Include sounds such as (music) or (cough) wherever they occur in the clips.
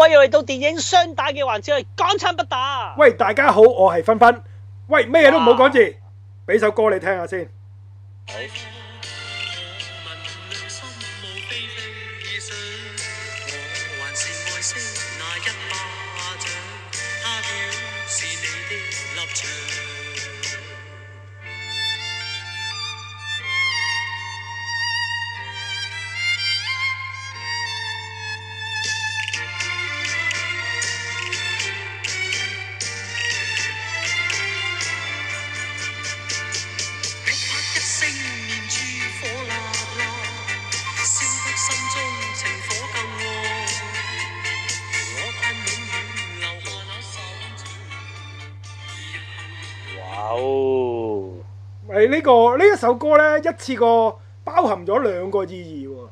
我要嚟到電影雙打嘅環節，係港產不打。喂，大家好，我係芬芬。喂，咩嘢都唔好講住，俾、啊、首歌你聽下先。哎呢、這個呢一首歌咧，一次過包含咗兩個意義喎、哦。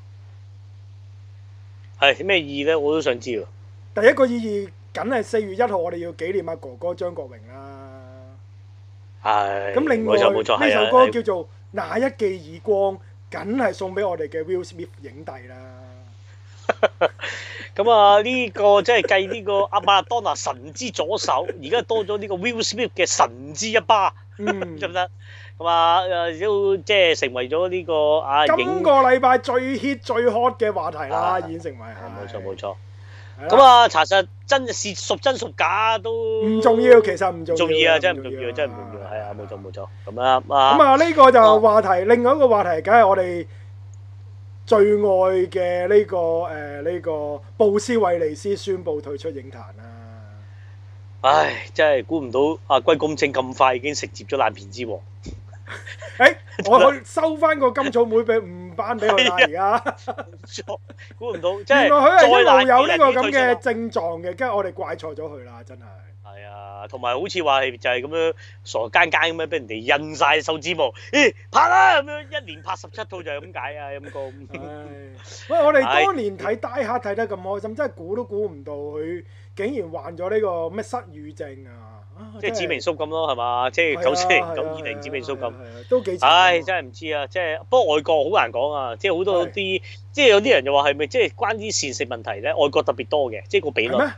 係咩意義咧？我都想知道。第一個意義梗係四月一號，我哋要紀念阿哥哥張國榮啦、啊。係、哎。咁另外呢首歌叫做《那一記耳光》，梗係、哎、送俾我哋嘅 Will Smith 影帝啦。咁 (laughs) 啊，呢、這個即係繼呢個阿馬當娜神之左手，而家 (laughs) 多咗呢個 Will Smith 嘅神之一巴，得唔得？ (laughs) 咁啊，都即係成為咗呢個啊，今個禮拜最 hit 最 hot 嘅話題啦，已經成為。係冇錯冇錯。咁啊，查實真係孰真孰假都唔重要，其實唔重要。重要啊！真係唔重要，真係唔重要。係啊，冇錯冇錯。咁啊，咁啊，呢個就話題，另外一個話題，梗係我哋最愛嘅呢個誒呢個布斯維尼斯宣布退出影壇啦。唉，真係估唔到啊！龜公正咁快已經承接咗爛片之王。誒、 (laughs) 欸，我去收翻個金草莓俾五班俾佢啦，而家估唔到， (laughs) 原來佢係一路有呢個咁嘅症狀嘅，跟住 (laughs) 我哋怪錯咗佢啦，真係。係啊、哎，同埋好似話係就係咁樣傻更更咁樣俾人哋印晒手指模。咦、哎、拍啦咁樣，一年拍十七套就係咁解啊，陰公。喂，我哋當年睇《大俠》睇得咁開心，真係估都估唔到佢竟然患咗呢個咩失語症啊！即係指明數咁咯，係嘛？即係九四零、九二零指明數咁，都幾？唉，真係唔知啊！即係不過外國好難講啊！即係好多啲，即係有啲人就話係咪即係關於膳食問題咧？外國特別多嘅，即係個比率係啦，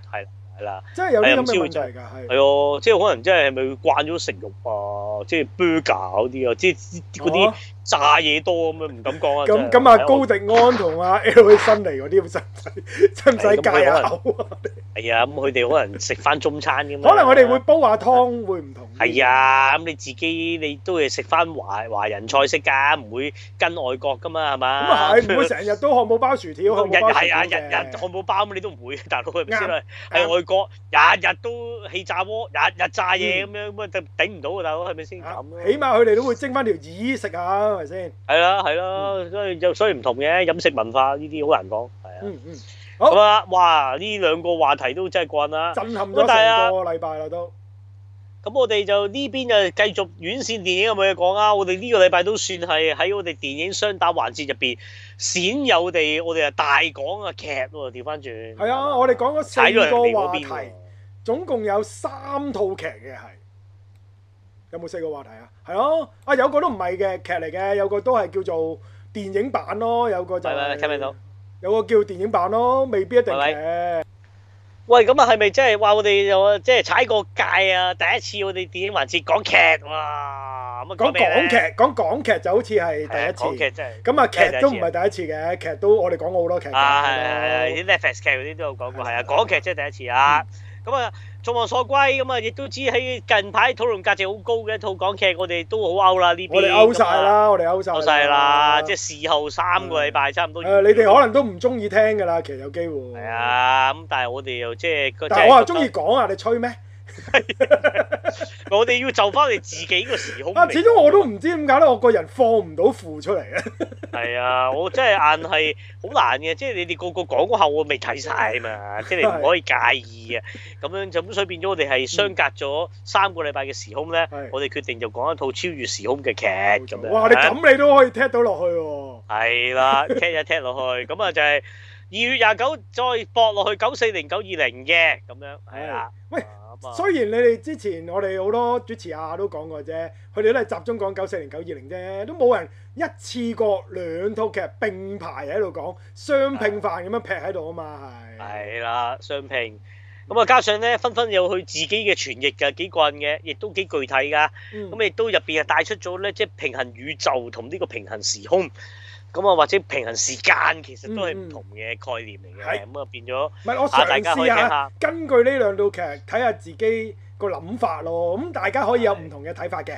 係啦，係唔知會係咯？即係可能真係係咪慣咗食肉啊？即係 burger 嗰啲啊，即係嗰啲。炸嘢多咁樣唔敢講啊！咁咁阿高迪安同阿 l 去新嚟嗰啲，真唔使真唔使戒口啊！係啊，咁佢哋可能食翻中餐咁。可能佢哋會煲下湯，會唔同？係啊，咁你自己你都會食翻華華人菜式噶，唔會跟外國噶嘛，係嘛？咁啊係，唔會成日都漢堡包薯條，日日係啊，日日漢堡包你都唔會。大佬佢唔知啦，喺外國日日都氣炸鍋，日日炸嘢咁樣，咁啊頂唔到啊！大佬係咪先咁？起碼佢哋都會蒸翻條魚食下。係咪先？係啦，係咯，所以就所以唔同嘅飲食文化呢啲好難講，係啊。嗯嗯。好啦，哇！呢兩個話題都真係攰啦，震撼咗成個禮拜啦都。咁、啊、我哋就呢邊就繼續院線電影有冇嘢講啊？我哋呢個禮拜都算係喺我哋電影雙打環節入邊，鮮有地我哋啊大講嘅劇喎，調翻轉。係啊，我哋的的講咗四個話題，總共有三套劇嘅係。有冇四個話題啊？係、啊、咯，啊有個都唔係嘅劇嚟嘅，有個都係叫做電影版咯，有個就喂喂聽唔聽到？有個叫電影版咯，未必一定係。喂，咁啊係咪即係話我哋又即係踩過界啊？第一次我哋電影環節講劇哇、啊，咁啊講港劇，講港劇就好似係第一次，咁啊劇都唔係第一次嘅，劇都我哋講過好多劇嘅。啊，啲 Netflix 劇嗰啲都有講過。係啊，港劇即係第一次啊，咁啊。啊眾望所歸咁啊！亦都只喺近排討論價值好高嘅一套港劇，我哋都好 out 啦呢邊。我哋 out 曬啦！我哋 out 曬。out 曬啦！即係事後三個禮拜，嗯、差唔多。誒、嗯，你哋可能都唔中意聽㗎啦，其實有機會。係啊，咁但係我哋又即係。但係我話中意講啊！是你吹咩？ (laughs) 我哋要就翻你自己個時空，始終我都唔知點解咧，我個人放唔到負出嚟。咧，係啊，我真係硬係好難嘅，即係你哋個個講下，我未睇晒，嘛即係你唔可以介意啊。咁是的 樣就咁，所以變咗我哋係相隔咗三個禮拜嘅時空咧。是的 我哋決定就講一套超越時空嘅劇咁樣。哇！你咁你都可以踢到落去喎，啊啊。係啦，踢一踢落去，咁啊 (laughs) 就係二月廿九再駁落去九四零九二零嘅咁樣。係喂 啊，喂。雖然你哋之前我哋好多主持啊都講過啫，佢哋都係集中講九四零九二零啫，都冇人一次過兩套劇並排喺度講雙拼飯咁樣劈喺度啊嘛，係。係啦，雙拼咁啊，嗯、加上咧，分分有佢自己嘅傳譯嘅幾個人嘅，亦都幾具體㗎。咁亦、嗯、都入邊係帶出咗咧，即係平衡宇宙同呢個平衡時空。咁啊，或者平衡時間其實都係唔同嘅概念嚟嘅，咁啊變咗，唔係，我嘗試下。根據呢兩套劇睇下自己個諗法咯。咁大家可以有唔同嘅睇法嘅，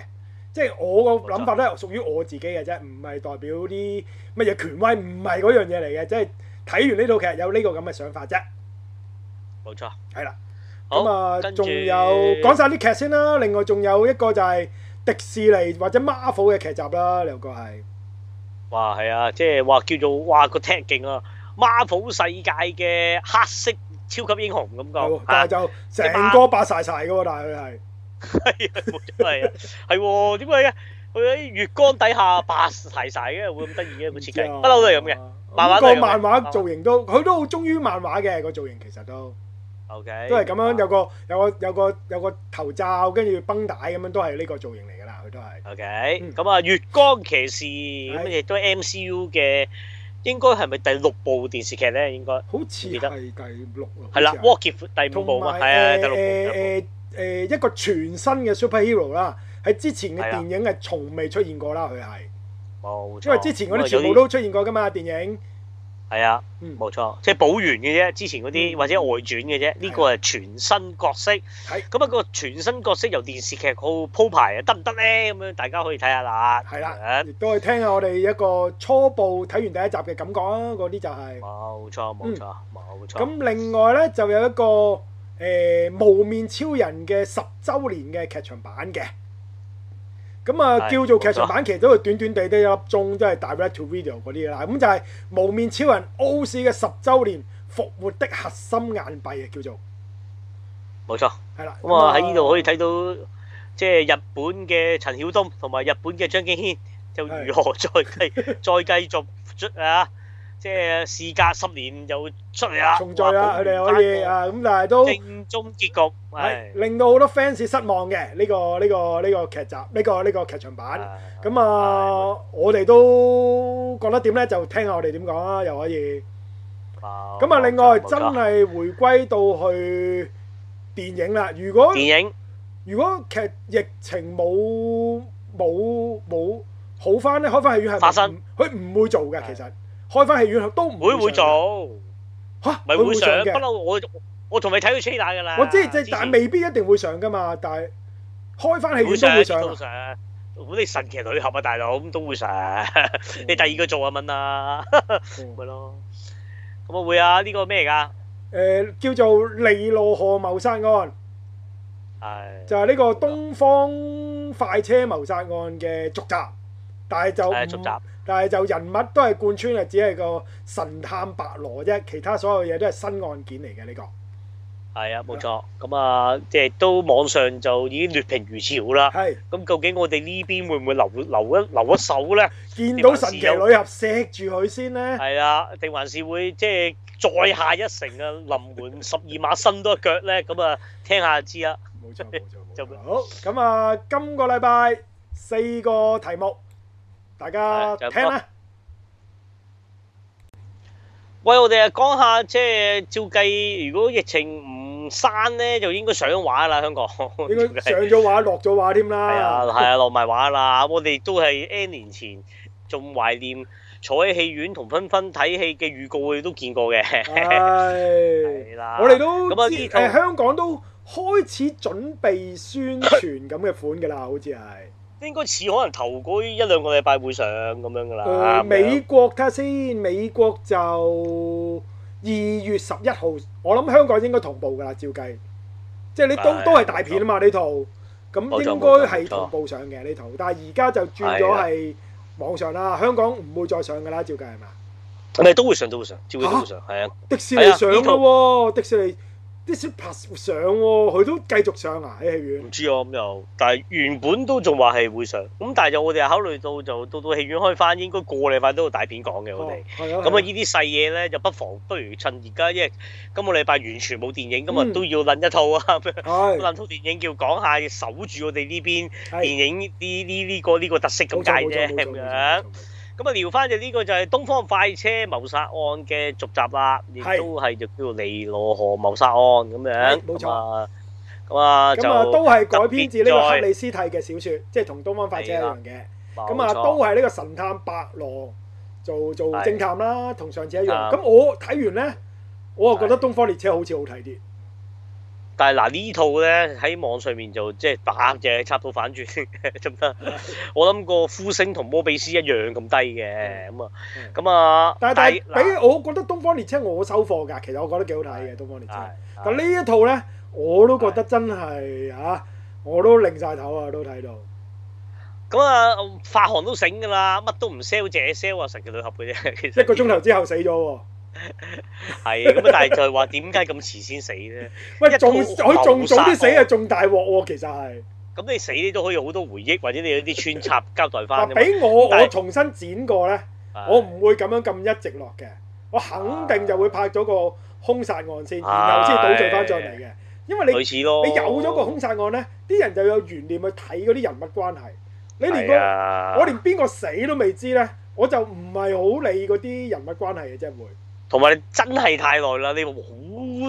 即係我個諗法都係屬於我自己嘅啫，唔係代表啲乜嘢權威，唔係嗰樣嘢嚟嘅，即係睇完呢套劇有呢個咁嘅想法啫。冇錯，係啦。咁啊，仲有講晒啲劇先啦。另外仲有一個就係迪士尼或者 Marvel 嘅劇集啦，兩個係。哇，係啊，即係話叫做哇個踢勁啊。Marvel 世界嘅黑色超級英雄咁講、哦啊，但係就成個白晒晒嘅喎，但係佢係係啊，冇點解嘅？佢喺月光底下白晒晒嘅，會咁得意嘅個設計，不嬲都係咁嘅。漫畫個漫畫造型都佢都好忠於漫畫嘅、個造型，其實都 OK，都係咁樣有個有個有個，有個，有個，有個頭罩，跟住繃帶咁樣都係呢個造型嚟。都係 OK 咁啊、嗯，《月光騎士》咁亦是都係 MCU 嘅，應該係咪第六部電視劇咧？應該好似係第六，係啦，《Hawkeye》第五部嘛，係啊有，第六部。誒誒、呃呃呃、一個全新嘅 superhero 啦，喺之前嘅電影係從未出現過啦，佢係冇錯，因為之前嗰啲全部都出現過噶嘛，電影。係啊，冇錯，即係補完嘅啫。之前嗰啲，嗯、或者外傳嘅啫，呢、啊、個係全新角色。係咁啊，個全新角色由電視劇鋪鋪排啊，得唔得呢？咁樣大家可以睇下啦。係啦，啊，亦都去聽下我哋一個初步睇完第一集嘅感覺啊。嗰啲就係、是，冇錯，冇錯，冇、嗯、錯。咁另外呢，就有一個誒幪、呃、面超人嘅十週年嘅劇場版嘅。咁啊，嗯嗯、叫做劇場、ER、版，錯其實都係短短地啲一粒鐘，都、就、係、是、Direct to Video 嗰啲啦。咁就係幪面超人 OOO 嘅十週年復活的核心硬幣啊，叫做冇錯。係啦、嗯，咁啊喺呢度可以睇到，即、就、係、是、日本嘅陳曉東同埋日本嘅張敬軒，就如何再繼的再繼續 (laughs) 啊。即係事隔十年又出嚟啦，重聚啦，佢哋可以啊，咁但係都最終結局係令到好多 fans 失望嘅呢個呢個呢個劇集呢個呢個劇場版。咁啊，我哋都覺得點咧？就聽下我哋點講啦，又可以。咁啊，另外真係回歸到去電影啦。如果電影如果劇疫情冇冇冇好翻咧，開翻戲院係唔得，佢唔會做嘅，其實。開翻戲院都唔會，會做？吓佢蛤會上嘅。不嬲，我我仲未睇到車帶噶啦。我，我知，知但係未必一定會上噶嘛。但係開翻戲院、啊、都會上。會上，如果你神奇女俠啊，大佬咁都會上。你第二個做啊，問啦！咪咯。咁啊會啊，這個、呢個咩嚟噶？誒、呃，叫做尼羅河謀殺案，係、哎、呦就係呢個《東方快車謀殺案》嘅續集。但係就唔，但係就人物都係貫穿嘅，只係個神探白羅啫，其他所有嘢都係新案件嚟嘅呢個。係啊，冇錯。咁啊，即係都網上就已經劣評如潮啦。係。咁究竟我哋呢邊會唔會留留一留一手咧？見到神奇女俠錫住佢先咧。係啊，定還是會即係再下一城啊？臨門十二碼伸多一腳咧？咁啊，聽下就知啦。冇錯，冇錯，冇錯。好，咁啊，今個禮拜四個題目。大家就聽啦。 (music) 喂，我哋講下，即係照計，如果疫情唔閂咧，就應該上畫啦，香港。應該上咗畫，落咗畫添啦。係 (laughs) 啊，係啊，落埋畫啦。我哋都係 N 年前仲懷念坐喺戲院同分分睇戲嘅預告，都見過嘅。係啦、 (laughs) (laughs) 啊。我哋都咁啊，香港都開始準備宣傳咁嘅款噶啦， (laughs) 好似係。應該似可能頭嗰一兩個禮拜會上咁樣噶啦、呃。美國睇下先看看，美國就二月十一號，我諗香港應該同步噶啦，照計。即係你都都係大片啊嘛？呢套咁應該係同步上嘅呢套，錯但係而家就轉咗係網上啦。錯香港唔會再上噶啦，照計係嘛？咪都會上都會上，照計都會上，係啊！迪士尼上啦喎，迪士尼。即使拍攝上喎、哦，佢都繼續上啊！喺戲院唔知啊咁又，但係原本都仲話係會上，咁但係就我哋考慮到就到到戲院開翻，應該個禮拜都有大片講嘅，我哋。咁啊、哦，呢啲細嘢咧，就不妨不如趁而家，因為今個禮拜完全冇電影，今日都要撚一套啊，撚套電影叫講下守住我哋呢邊電影呢呢呢個呢、這個這個特色咁解啫，咁樣。咁啊，聊翻就呢個就係《東方快車謀殺案》嘅續集啦，亦都係就叫做《尼羅河謀殺案》咁樣。冇錯。咁啊，咁啊，都係改編自呢個克里斯蒂嘅小説，即係同《東方快車》一樣嘅。咁啊，都係呢個神探白羅做做，做偵探啦，同上次一樣。咁我睇完咧，我就覺得《東方列車》好似好睇啲。但係嗱、啊、呢套咧，喺網上面就即係打隻插到反轉，做 (laughs) (laughs) 我諗個呼聲同摩比斯一樣咁低嘅，咁、嗯、啊，咁啊是。但係但係俾我覺得《東方列車》，我收貨㗎。其實我覺得幾好睇嘅《的東方列車》。但呢一套咧，我都覺得真係的啊，的我都擰晒頭啊！都睇到。咁啊，發行都醒㗎啦，乜都唔 sell 隻 sell 啊，成個鋁盒嘅啫。其實 (laughs) 一個鐘頭之後死咗。係咁啊！但係就係話點解咁遲先死咧？喂，仲佢仲早啲死啊，仲大鑊喎！其實係咁、啊，你死啲都可以好多回憶，或者你有啲穿插交代翻。俾 (laughs) 我是我重新剪過咧，的我唔會咁樣咁一直落嘅，我肯定就會拍咗個凶殺案先，的然後先倒敘翻再嚟嘅。因為你你有咗個凶殺案咧，啲人就有懸念去睇嗰啲人物關係。你連個的我連邊個死都未知咧，我就唔係好理嗰啲人物關係嘅啫，會。同埋你真係太耐啦，你好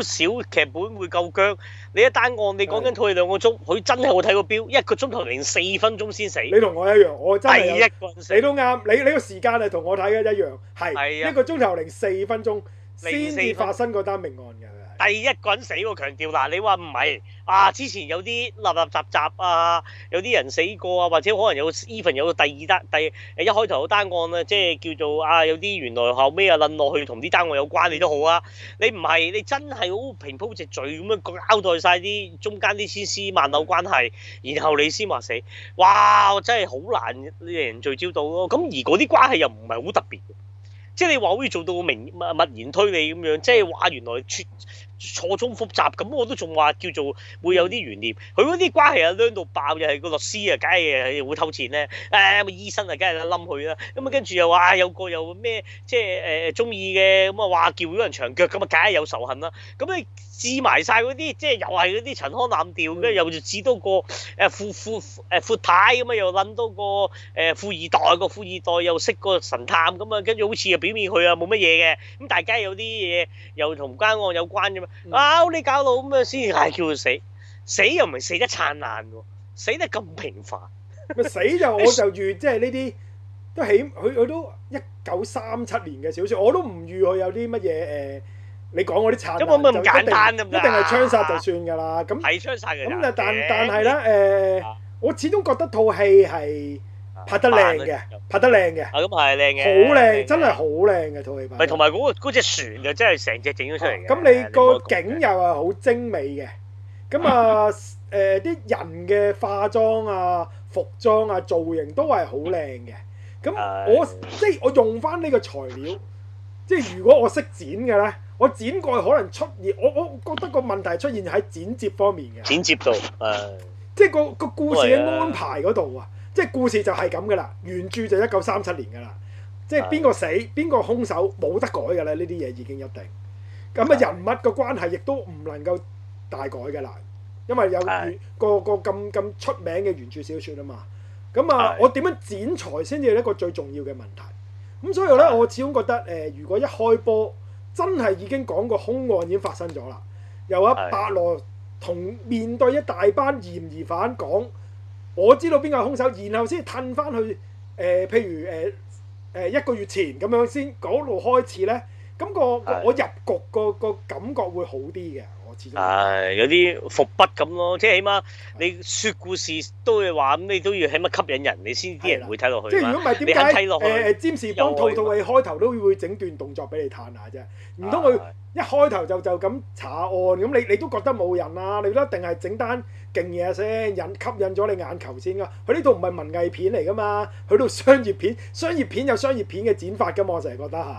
少劇本會夠僵。你一單案你講緊佢兩個鐘，佢的真係會睇個表，一個鐘頭零四分鐘先死。你同我一樣，我真係的你都啱。你你個時間係同我睇嘅一樣，係一個鐘頭零四分鐘先至發生嗰單命案嘅。第一個人死喎，強調嗱、啊，你話唔係啊？之前有啲立立雜雜啊，有啲人死過啊，或者可能有 even 有第二單第一開頭有單案啊，即係叫做啊，有啲原來後尾啊論落去同啲單案有關，你都好啊。你唔係你真係好平鋪直敍咁樣交代晒啲中間啲千絲萬縷關係，然後你先話死哇，真係好難令人聚焦到咯。咁、啊、而嗰啲關係又唔係好特別，即係你話可以做到明物言推理咁樣，即係話原來錯綜複雜，咁我都仲話叫做會有啲懸念。佢嗰啲關係啊，攣到爆又係個律師啊，梗係係會偷錢咧。誒、哎，個醫生啊，梗係冧佢啦。咁啊，跟住又話有個又咩，即係誒中意嘅，咁啊話撬咗人長腳咁啊，梗係有仇恨啦。咁咧支埋晒嗰啲，即係又係嗰啲陳腔濫調嘅，又就支多個誒、啊、富富誒闊太咁啊，又諗多個誒、呃、富二代個富二代又識個神探咁啊，跟住好似啊表面佢啊冇乜嘢嘅，咁大家有啲嘢又同間案有關。啊！你搞到咁樣先，係叫佢死，死又唔係死得燦爛喎，死得咁平凡。咪死就我就預即係呢啲都起，佢佢都一九三七年嘅小説，我都唔預佢有啲乜嘢誒，你講嗰啲燦爛就一定一定係槍殺就算㗎啦。咁係槍殺嘅咁，但但係咧誒，我始終覺得套戲係。拍得靚嘅，拍得靚嘅，啊咁係靚嘅，好靚，真係好靚嘅套戲拍。咪同埋嗰個隻船就真係成隻整咗出嚟嘅。咁、啊、你個景又係好精美嘅。咁啊，誒、呃、啲人嘅化妝啊、服裝啊、造型都係好靚嘅。咁我、哎、即係我用翻呢個材料，即係如果我識剪嘅咧，我剪過去可能出現，我我覺得個問題出現喺剪接方面嘅。剪接度，誒、哎，即係個個故事嘅安排嗰度啊。嗯嗯即係故事就係咁噶啦，原著就一九三七年噶啦，即係邊個死，邊個兇手冇得改噶啦，呢啲嘢已經一定。咁啊，人物個關係亦都唔能夠大改噶啦，因為有個個咁咁出名嘅原著小説啊嘛。咁啊，的我點樣剪裁先至係一個最重要嘅問題。咁所以咧，我始終覺得誒、呃，如果一開波真係已經講個兇案已經發生咗啦，由阿白羅同面對一大班嫌疑犯講。我知道邊個係兇手，然後先褪翻去誒，譬如誒誒一個月前咁樣先嗰度開始咧，咁個我入局個個感覺會好啲嘅，我始終係有啲伏筆咁咯，即係起碼你説故事都會話咁，你都要起碼吸引人，你先啲人會睇落去。即係如果唔係，點解睇落去，占士邦套套戲開頭都會整段動作俾你嘆下啫。唔通佢一開頭就就咁查案咁，你你都覺得冇人啊，你一定係整單勁嘢先引吸引咗你眼球先㗎，佢呢度唔係文藝片嚟㗎嘛，佢係商業片，商業片有商業片嘅剪法㗎嘛，我成日覺得係。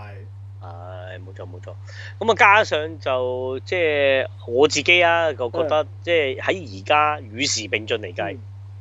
唉、哎，冇錯冇錯，咁啊加上就即係我自己啊，就覺得的即係喺而家與時並進嚟計，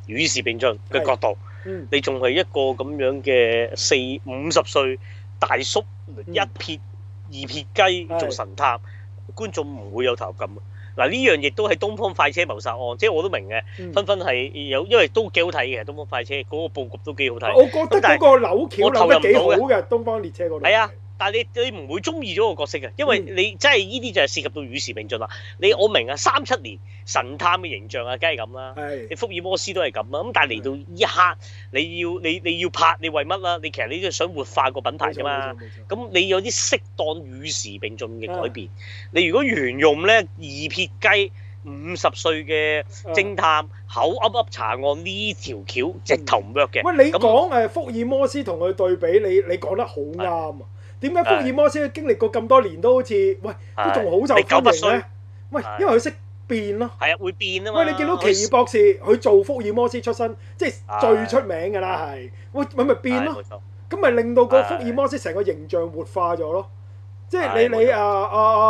與時並進嘅、嗯、角度，嗯、你仲係一個咁樣嘅四五十歲大叔一撇、嗯、二撇雞做神探，的的觀眾唔會有投入感。嗱呢樣亦都係《東方快車謀殺案》，即係我都明嘅，分分係有，因為都幾好睇嘅《東方快車》嗰個佈局都幾好睇。我覺得嗰個樓橋構得幾好嘅，《東方列車》嗰度。係啊。但係你你唔會中意咗個角色嘅，因為你真係呢啲就係涉及到與時並進啦。你我明啊，三七年神探嘅形象啊，梗係咁啦。你福爾摩斯都係咁啊。咁但係嚟到呢一刻，你要你你要拍你為乜啦？你其實你都係想活化個品牌㗎嘛。咁你有啲適當與時並進嘅改變。係。你如果沿用咧二撇雞五十歲嘅偵探，嗯、口噏噏查案呢條橋，直頭唔 work 嘅。喂、嗯，你講誒福爾摩斯同佢對比，你你講得好啱啊！點解福爾摩斯經歷過咁多年都好似，喂，都仲好受歡迎咧？喂，因為佢識變咯。係啊，會變啊嘛。喂，你見到奇異博士佢是做福爾摩斯出身，即係最出名噶啦，係喂，咁咪變咯。咁咪令到個福爾摩斯成個形象活化咗咯。即係你你阿阿阿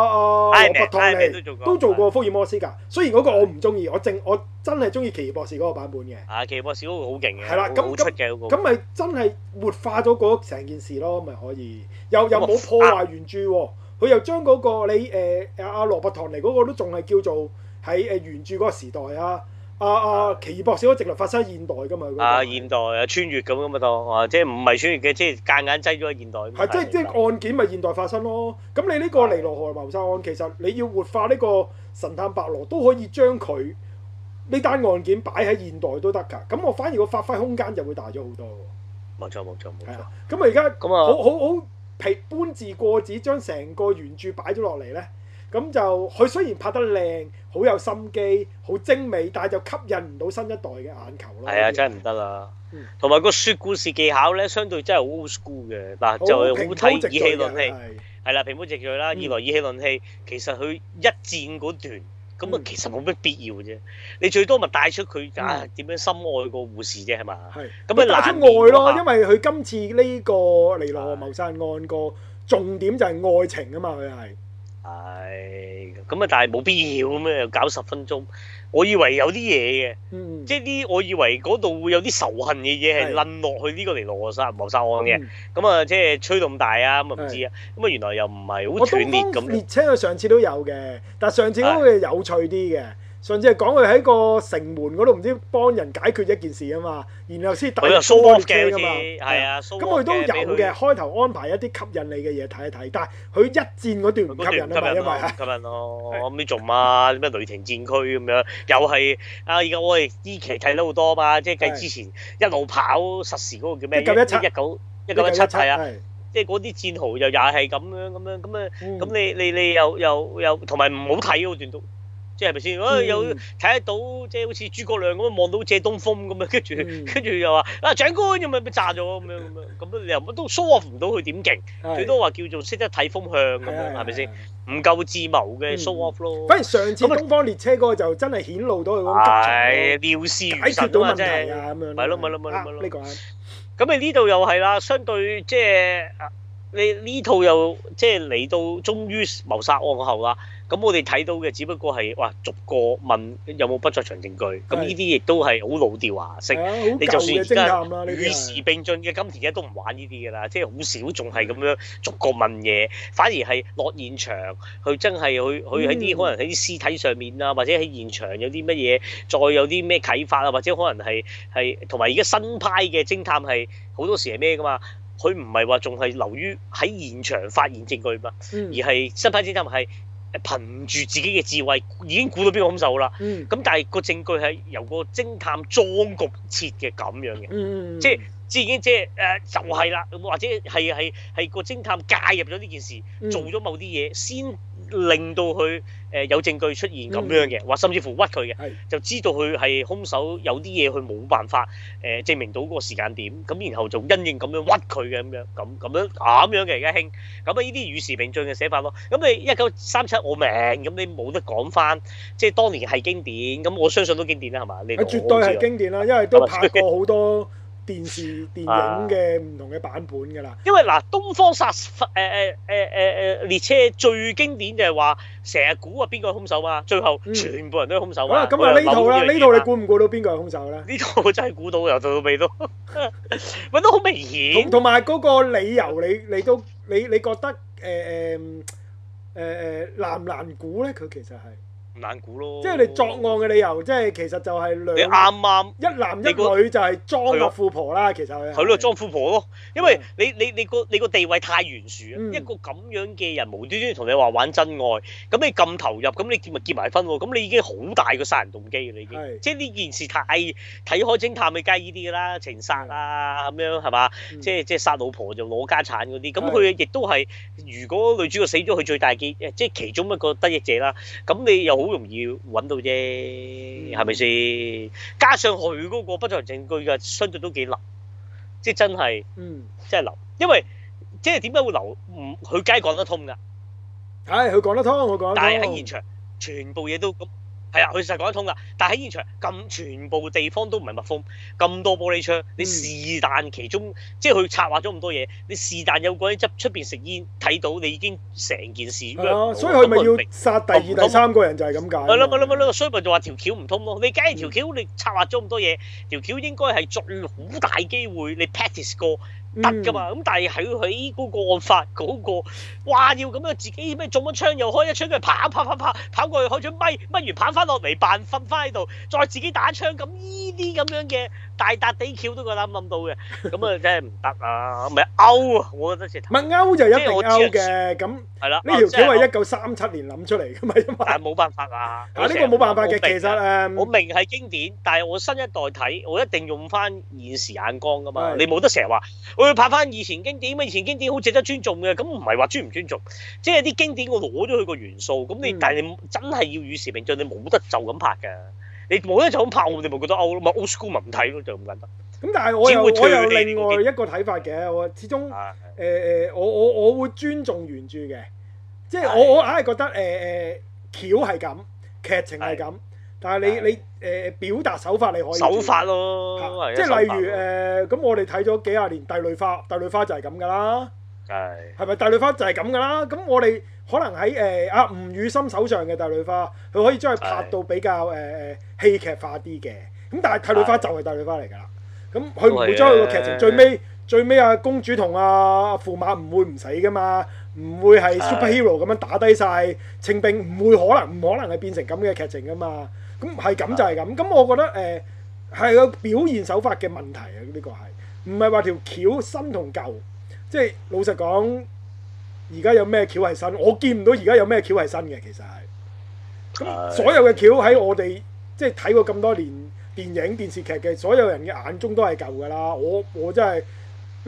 阿羅伯唐尼， (music) 都，做都做過福爾摩斯㗎。雖然嗰個我唔中意，我正我真係中意奇異博士嗰個版本嘅。阿、啊、奇異博士、啊、啦好勁嘅，好出嘅咁咪真係活化咗嗰成件事咯，咪可以。又又冇破壞原著，佢、啊、又將嗰個你誒阿羅伯唐尼嗰個都仲係叫做喺誒原著嗰個時代啊。啊啊！奇異博士可以淨發生喺現代㗎嘛？那個、啊，現代啊，穿越咁嘅噚，啊即係唔係穿越嘅，即係夾硬擠咗喺現代。係是是，即係即係案件咪現代發生咯？咁你呢個尼羅河謀殺案其實你要活化呢個神探白羅都可以將佢呢單案件擺喺現代都得㗎。咁我反而個發揮空間就會大咗好多㗎。冇錯，冇錯，冇錯。咁啊，而家、嗯、好好好皮搬字過紙，將成個原著擺咗落嚟咧。呢咁就佢雖然拍得靚，好有心機，好精美，但係就吸引唔到新一代嘅眼球咯。係啊，真係唔得啦。同埋嗰個說故事技巧咧，相對真係好 old school 嘅嗱，就係好睇以戲論戲，係啦，平鋪直敍啦，二來以戲論戲。其實佢一戰嗰段咁啊，其實冇乜必要嘅啫。你最多咪帶出佢啊點樣深愛個護士啫，係嘛？咁咪帶出愛咯，因為佢今次呢個《尼羅河謀殺案》個重點就係愛情啊嘛，佢係。係咁啊！但係冇必要咩？搞十分鐘，我以為有啲嘢嘅，嗯、即係啲我以為嗰度會有啲仇恨嘅嘢係撚落去呢個尼羅河謀殺案嘅。咁啊的，即係吹到咁大啊！咁啊唔知啊，咁啊的原來又唔係好斷裂咁。列車佢上次都有嘅，但上次嗰個有，的有趣啲嘅。上次係講佢喺個城門嗰度唔知幫人解決一件事啊嘛，然後先打蘇格蘭啊嘛，係啊，蘇格蘭嘅佢。咁都有嘅，開頭安排一啲吸引你嘅嘢睇一睇，但係佢一戰嗰段唔吸引啊，因為唔吸引咯，啱啲做乜？咩雷霆戰區咁樣，又係啊！而家我哋呢期睇得好多啊嘛，即係計之前一路跑實時嗰個叫咩？一九一七，一九一七係啊，即係嗰啲戰壕又也係咁樣咁樣咁啊！咁你你你又又又同埋唔好睇嗰段即係咪先？啊有睇得到，即係好似諸葛亮咁望到借東風咁啊！跟住跟住又話啊長官，你咪俾炸咗咁樣咁樣，咁你又乜都 show off 唔到佢點勁，最多話叫做識得睇風向咁樣，係咪先？唔夠智謀嘅 show off 咯。反而上次東方列車嗰個就真係顯露到佢嗰種料事如神啊！真係。咁樣。係咯，咪咯，咪咯，咪咯。呢個。咁你呢度又係啦，相對即係你呢套又即係嚟到，終於謀殺案後啦。咁我哋睇到嘅，只不過係哇，逐個問有冇不在場證據。咁呢啲亦都係好老調話式。你就算而家與時並進嘅金田一都唔玩呢啲㗎啦，即係好少仲係咁樣逐個問嘢，的反而係落現場，佢真係去去喺啲可能喺啲屍體上面啊，或者喺現場有啲乜嘢，再有啲咩啟發啊，或者可能係係同埋而家新派嘅偵探係好多時係咩噶嘛？佢唔係話仲係留於喺現場發現證據嘛，而係、嗯、新派偵探係。憑住自己嘅智慧已經估到邊個兇手啦，咁、嗯、但係個證據係由個偵探裝局設嘅咁樣嘅、嗯，即係已經即係誒就係、係、啦，或者係係係個偵探介入咗呢件事，嗯、做咗某啲嘢先。令到佢誒、呃、有證據出現咁樣嘅，或、嗯、甚至乎屈佢嘅，是就知道佢係兇手。有啲嘢佢冇辦法誒、呃、證明到嗰個時間點，咁然後就因應咁樣屈佢嘅咁樣，咁咁樣咁樣嘅而家興。咁啊，呢啲與時並進嘅寫法咯。咁你一九三七我命，咁你冇得講返，即係當年係經典。咁我相信都經典啦，係嘛？你絕對係經典啦，因為都拍過好多。 (laughs) 電視電影嘅唔同嘅版本㗎啦、啊，因為嗱、啊《東方殺誒誒誒誒誒列車》最經典就係話成日估話邊個係兇手嘛，最後全部人都係兇手嘛。哇、嗯！咁啊呢套啦，呢套你估唔估到邊個係兇手咧？呢套我真係估到由頭到尾都，揾到好明顯。同埋嗰個理由，你你都你你覺得誒誒誒誒難唔難估咧？佢其實係。難估咯，即係你作案嘅理由，即係其實就係你啱啱一男一女就係裝、個富婆啦。了其實係，係咯，裝富婆咯。因為你你你個你個地位太懸殊，嗯、一個咁樣嘅人無端端同你話玩真愛，咁你咁投入，咁你結咪結埋婚喎？咁你已經好大個殺人動機㗎，你已經。是即係呢件事太睇開偵探嘅雞呢啲啦，情殺啊咁、嗯、樣係嘛？即係即係殺老婆就攞家產嗰啲。咁佢亦都係，如果女主角死咗，佢最大嘅即係其中一個得益者啦。咁你又。好容易揾到啫，係咪先？加上佢嗰個不在場證據嘅相對都幾流，即係真係，即係、嗯、流。因為即係點解會流？唔，佢梗係講得通㗎。唉、哎，佢講得通，我講得通。但係喺現場，全部嘢都咁。係 (music) 啊，佢實講得通㗎，但係喺現場咁全部地方都唔係密封，咁多玻璃窗，你是但其中，嗯、即係佢策劃咗咁多嘢，你是但有鬼啲執出邊食煙睇到，你已經成件事。咁樣哦、啊，所以佢咪要殺第二第三個人就係咁解。係啦，係啦，係啦，所以咪就話條橋唔通咯，你梗係條橋，你策劃咗咁多嘢，條橋、嗯、應該係最好大機會你 practice 過。得噶嘛？咁但係喺喺嗰個案發，嗰個話要咁樣自己咩中咗槍，又開一槍，佢跑、跑、跑、跑、跑過去開咗咪，乜完跑翻落嚟扮瞓翻喺度，再自己打槍，咁呢啲咁樣嘅大笪地橋都夠膽諗到嘅，咁啊真係唔得啊，咪勾啊！我覺得咪勾就一定勾嘅咁。係啦，呢條橋係一九三七年諗出嚟嘅嘛，但係冇辦法啊。嗱，呢個冇辦法嘅，其實誒，我明係經典，但係我新一代睇，我一定用翻現時眼光㗎嘛。你冇得成日話。佢拍翻以前經典啊！以前經典好值得尊重嘅。咁唔係話尊唔尊重，即係啲經典我攞咗佢個元素。咁你、嗯、但係你真係要與時並進，你冇得就咁拍嘅。你冇得就咁拍，我哋咪覺得 out 咯，咪 old school 咪唔睇咯，就咁簡單。咁但係我又會推我又另外一個睇法嘅、啊，我始終誒誒，我我我會尊重原著嘅，即係的我我硬係覺得誒誒，橋係咁，劇情係咁。但係你你誒的、呃、表達手法你可以手法咯，啊、即係例如誒咁、呃、我哋睇咗幾廿年帝女花，帝女花就係咁噶啦，係咪的帝女花就係咁噶啦？咁我哋可能喺誒、呃、啊吳宇森手上嘅帝女花，佢可以將佢拍到比較誒誒的、呃、戲劇化啲嘅。咁但係帝女花就係帝女花嚟㗎啦。咁佢唔會將佢個劇情的最尾最尾啊公主同阿駙馬唔會唔死㗎嘛？唔會係 superhero 咁樣的打低晒清兵，唔會可能唔可能係變成咁嘅劇情㗎嘛？咁係咁就係咁，咁、嗯、我覺得誒係個表現手法嘅問題啊，呢、呢個係唔係話條橋新同舊？即係老實講，而家有咩橋係新？我見唔到而家有咩橋係新嘅，其實係。咁所有嘅橋喺我哋即係睇過咁多年電影電視劇嘅所有人嘅眼中都係舊㗎啦。我我真係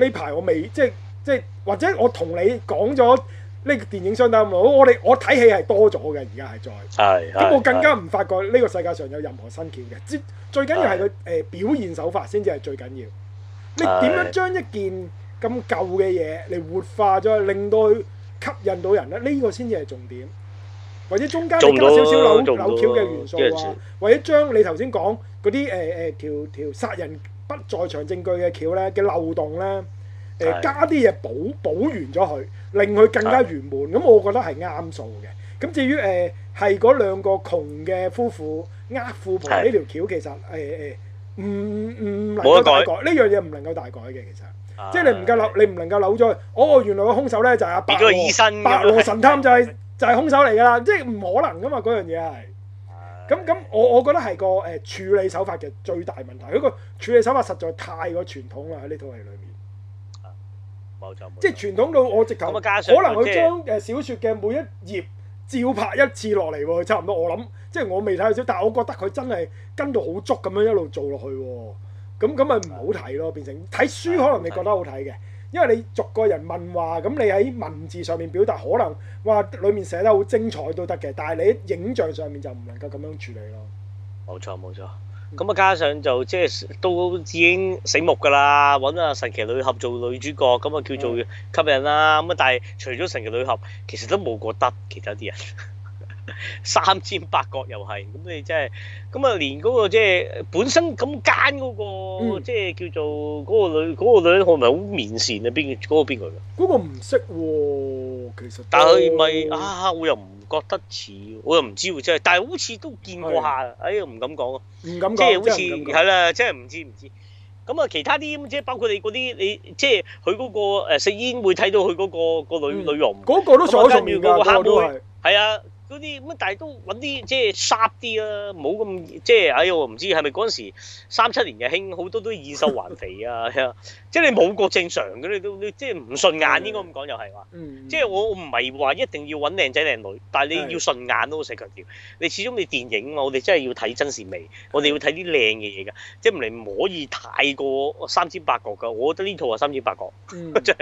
呢排我未即係即係或者我同你講咗。呢個電影相當好，我哋我睇戲係多咗嘅，而家係再，係咁，我更加唔發覺呢個世界上有任何新橋嘅。最最緊要係佢誒表現手法先至係最緊要。是你點樣將一件咁舊嘅嘢嚟活化咗，令到吸引到人咧？呢個先至係重點。或者中間你加少少扭扭橋嘅元素啊，或者將你頭先講嗰啲誒誒條條，條殺人不在場證據嘅橋咧嘅漏洞咧。加啲嘢補補完咗佢，令佢更加圓滿。咁是的 我覺得係啱數嘅。咁至於誒係嗰兩個窮嘅夫婦呃富婆呢條橋，其實誒誒唔唔能夠大改。呢樣嘢唔能夠大改嘅，其實、哎、即係你唔夠你唔能夠扭咗。扭哦，原來個兇手咧就係阿白，白羅神探就係、是嗯、就係兇手嚟㗎啦，即係唔可能噶嘛嗰樣嘢係。咁咁我我覺得係個誒處理手法嘅最大問題。佢個處理手法實在太過傳統啦喺呢套戲裡面。即係傳統到我直頭，可能佢將誒小説嘅每一頁照拍一次落嚟喎，差唔多。我諗即係我未睇小説，但係我覺得佢真係跟到好足咁樣一路做落去，咁咁咪唔好睇咯。變成睇書可能你覺得好睇嘅，因為你逐個人問話，咁你喺文字上面表達，可能話裡面寫得好精彩都得嘅，但係你喺影像上面就唔能夠咁樣處理咯。冇錯，冇錯。咁啊，嗯、加上就即係都已經醒目㗎啦，揾阿神奇女俠做女主角，咁啊叫做吸引啦。咁啊、嗯，但係除咗神奇女俠，其實都冇覺得其他啲人， (laughs) 三尖八角又係咁你真係咁啊連嗰個即、就、係、是、本身咁奸嗰、嗰個，即係、嗯、叫做嗰個女嗰、嗰個女人，唔咪好面善、那個那個、啊？邊個嗰個邊個㗎？嗰個唔識喎，其實但係咪啊？我又唔～覺得似，我又唔知喎真係，但係好似都見過下，哎唔敢講咯，即係好似係啦，真係唔知唔、嗯、知。咁啊，其他啲即係包括你嗰啲，你即係佢嗰個、呃、食煙會睇到佢嗰、嗰個嗰個嗰個女女容，嗰、嗯、個都鎖客㗎，係啊。嗰啲乜？但係都揾啲即係濕啲啊！冇咁即係，哎喎！唔知係咪嗰陣時三七年嘅興，好多都以瘦還肥啊！即係你冇個正常嘅，你都即係唔順眼，應該咁講又係嘛？即係我唔係話一定要揾靚仔靚女，但係你要順眼咯，成日強調。你始終你電影我哋真係要睇真善美，我哋要睇啲靚嘅嘢㗎，即係唔嚟唔可以太過三尖八角㗎。我覺得呢套係三尖八角，即係。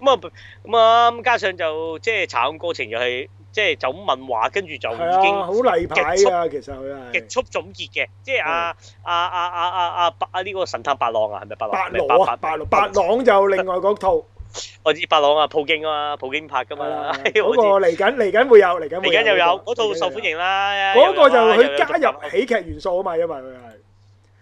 咁啊咁啊，加上就即係查案過程又係。即係就咁問話，跟住就已經好例牌啊！其實佢係極速總結嘅，即係阿阿阿阿阿阿啊！呢個神探八郎啊，係咪八郎？八郎啊，八郎就另外嗰套。我知八郎啊，普京啊，普京拍㗎嘛。嗰個嚟緊嚟緊會有嚟緊嚟緊又有嗰套受歡迎啦。嗰個就佢加入喜劇元素啊嘛，因為佢係。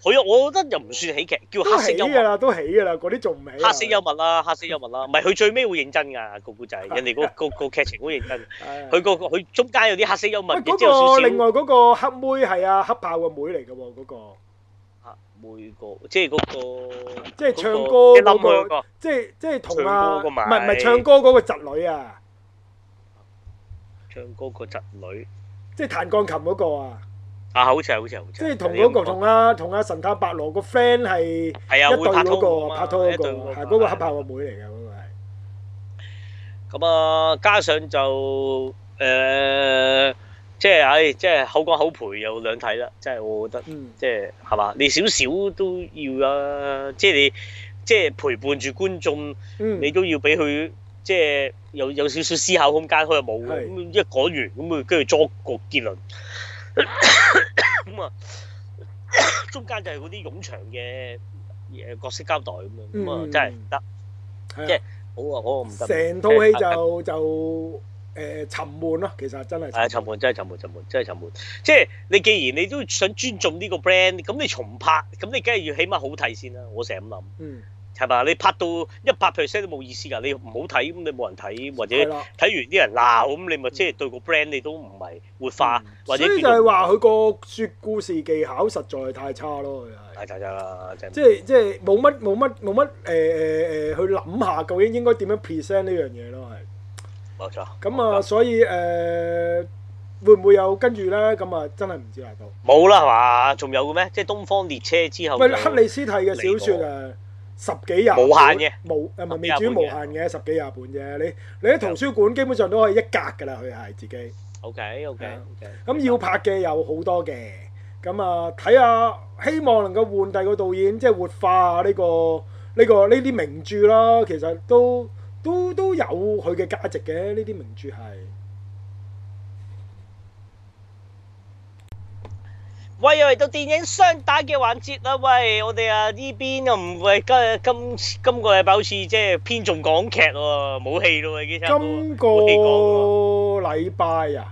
佢啊，我覺得又唔算喜劇，叫黑色幽默啦，都起噶啦，嗰啲仲唔起？黑色幽默啦，黑色幽默啦，唔係佢最尾會認真噶個故仔，人哋嗰個個劇情好認真，佢個佢中間有啲黑色幽默，有少少。嗰個另外嗰個黑妹係啊，黑豹嘅妹嚟嘅喎，嗰個啊黑妹個，即係嗰個即係唱歌嗰個，即係即係同啊，唔係唔係唱歌嗰個侄女啊，唱歌個侄女，即係彈鋼琴嗰個啊。啊！好似係，好似係，好似係。即係同嗰個同阿同阿神探白羅個 friend 係一對嗰個拍拖嗰個，係嗰個黑豹個妹嚟嘅嗰個係。咁啊，加上就誒，即係唉，即係口講口陪有兩睇啦。即係我覺得，即係係嘛？你少少都要啊！即係你，即係陪伴住觀眾，你都要俾佢即係有有少少思考空間，佢又冇一講完咁佢跟住作個結論。咁啊，中間就係嗰啲冗長嘅誒角色交代咁、嗯、樣，咁啊真係唔得。即係好啊，好唔得。成套戲就、呃、就誒、呃、沉悶咯，其實真係。係沉悶，真係沉悶，沉悶，真係沉，沉，沉悶。即係你既然你都想尊重呢個 brand，咁你重拍，咁你梗係要起碼好睇先啦、啊。我成日咁諗。嗯係嘛？你拍到一百 percent 都冇意思㗎，你唔好睇咁，你冇人睇，或者睇完啲人鬧咁，你咪即係對個 brand 你都唔係活化。嗯、或者所以就係話佢個說故事技巧實在太差咯、係，太差啦！即係即係冇乜冇乜冇乜誒誒誒去諗下究竟應該點樣 present 呢樣嘢咯，係。冇錯。咁啊，錯所以誒、呃，會唔會有跟住咧？咁啊，真係唔知喺度。冇啦係嘛？仲有嘅咩？即係東方列車之後。係克里斯蒂嘅小說啊。啊十幾廿無限嘅無，誒唔係未至於無限嘅，十幾廿本啫，你你喺圖書館基本上都可以一格嘅啦，佢係自己。OK OK OK。咁要拍嘅有好多嘅，咁啊睇下，希望能夠換第個導演，即係活化呢個呢個呢啲名著啦。其實都都都有佢嘅價值嘅呢啲名著係。喂，又嚟到電影雙打嘅環節啦！喂，我哋啊呢邊又唔會今日今今個禮拜好似即係偏重港劇喎，冇戲咯喎，啲親。今個禮拜啊，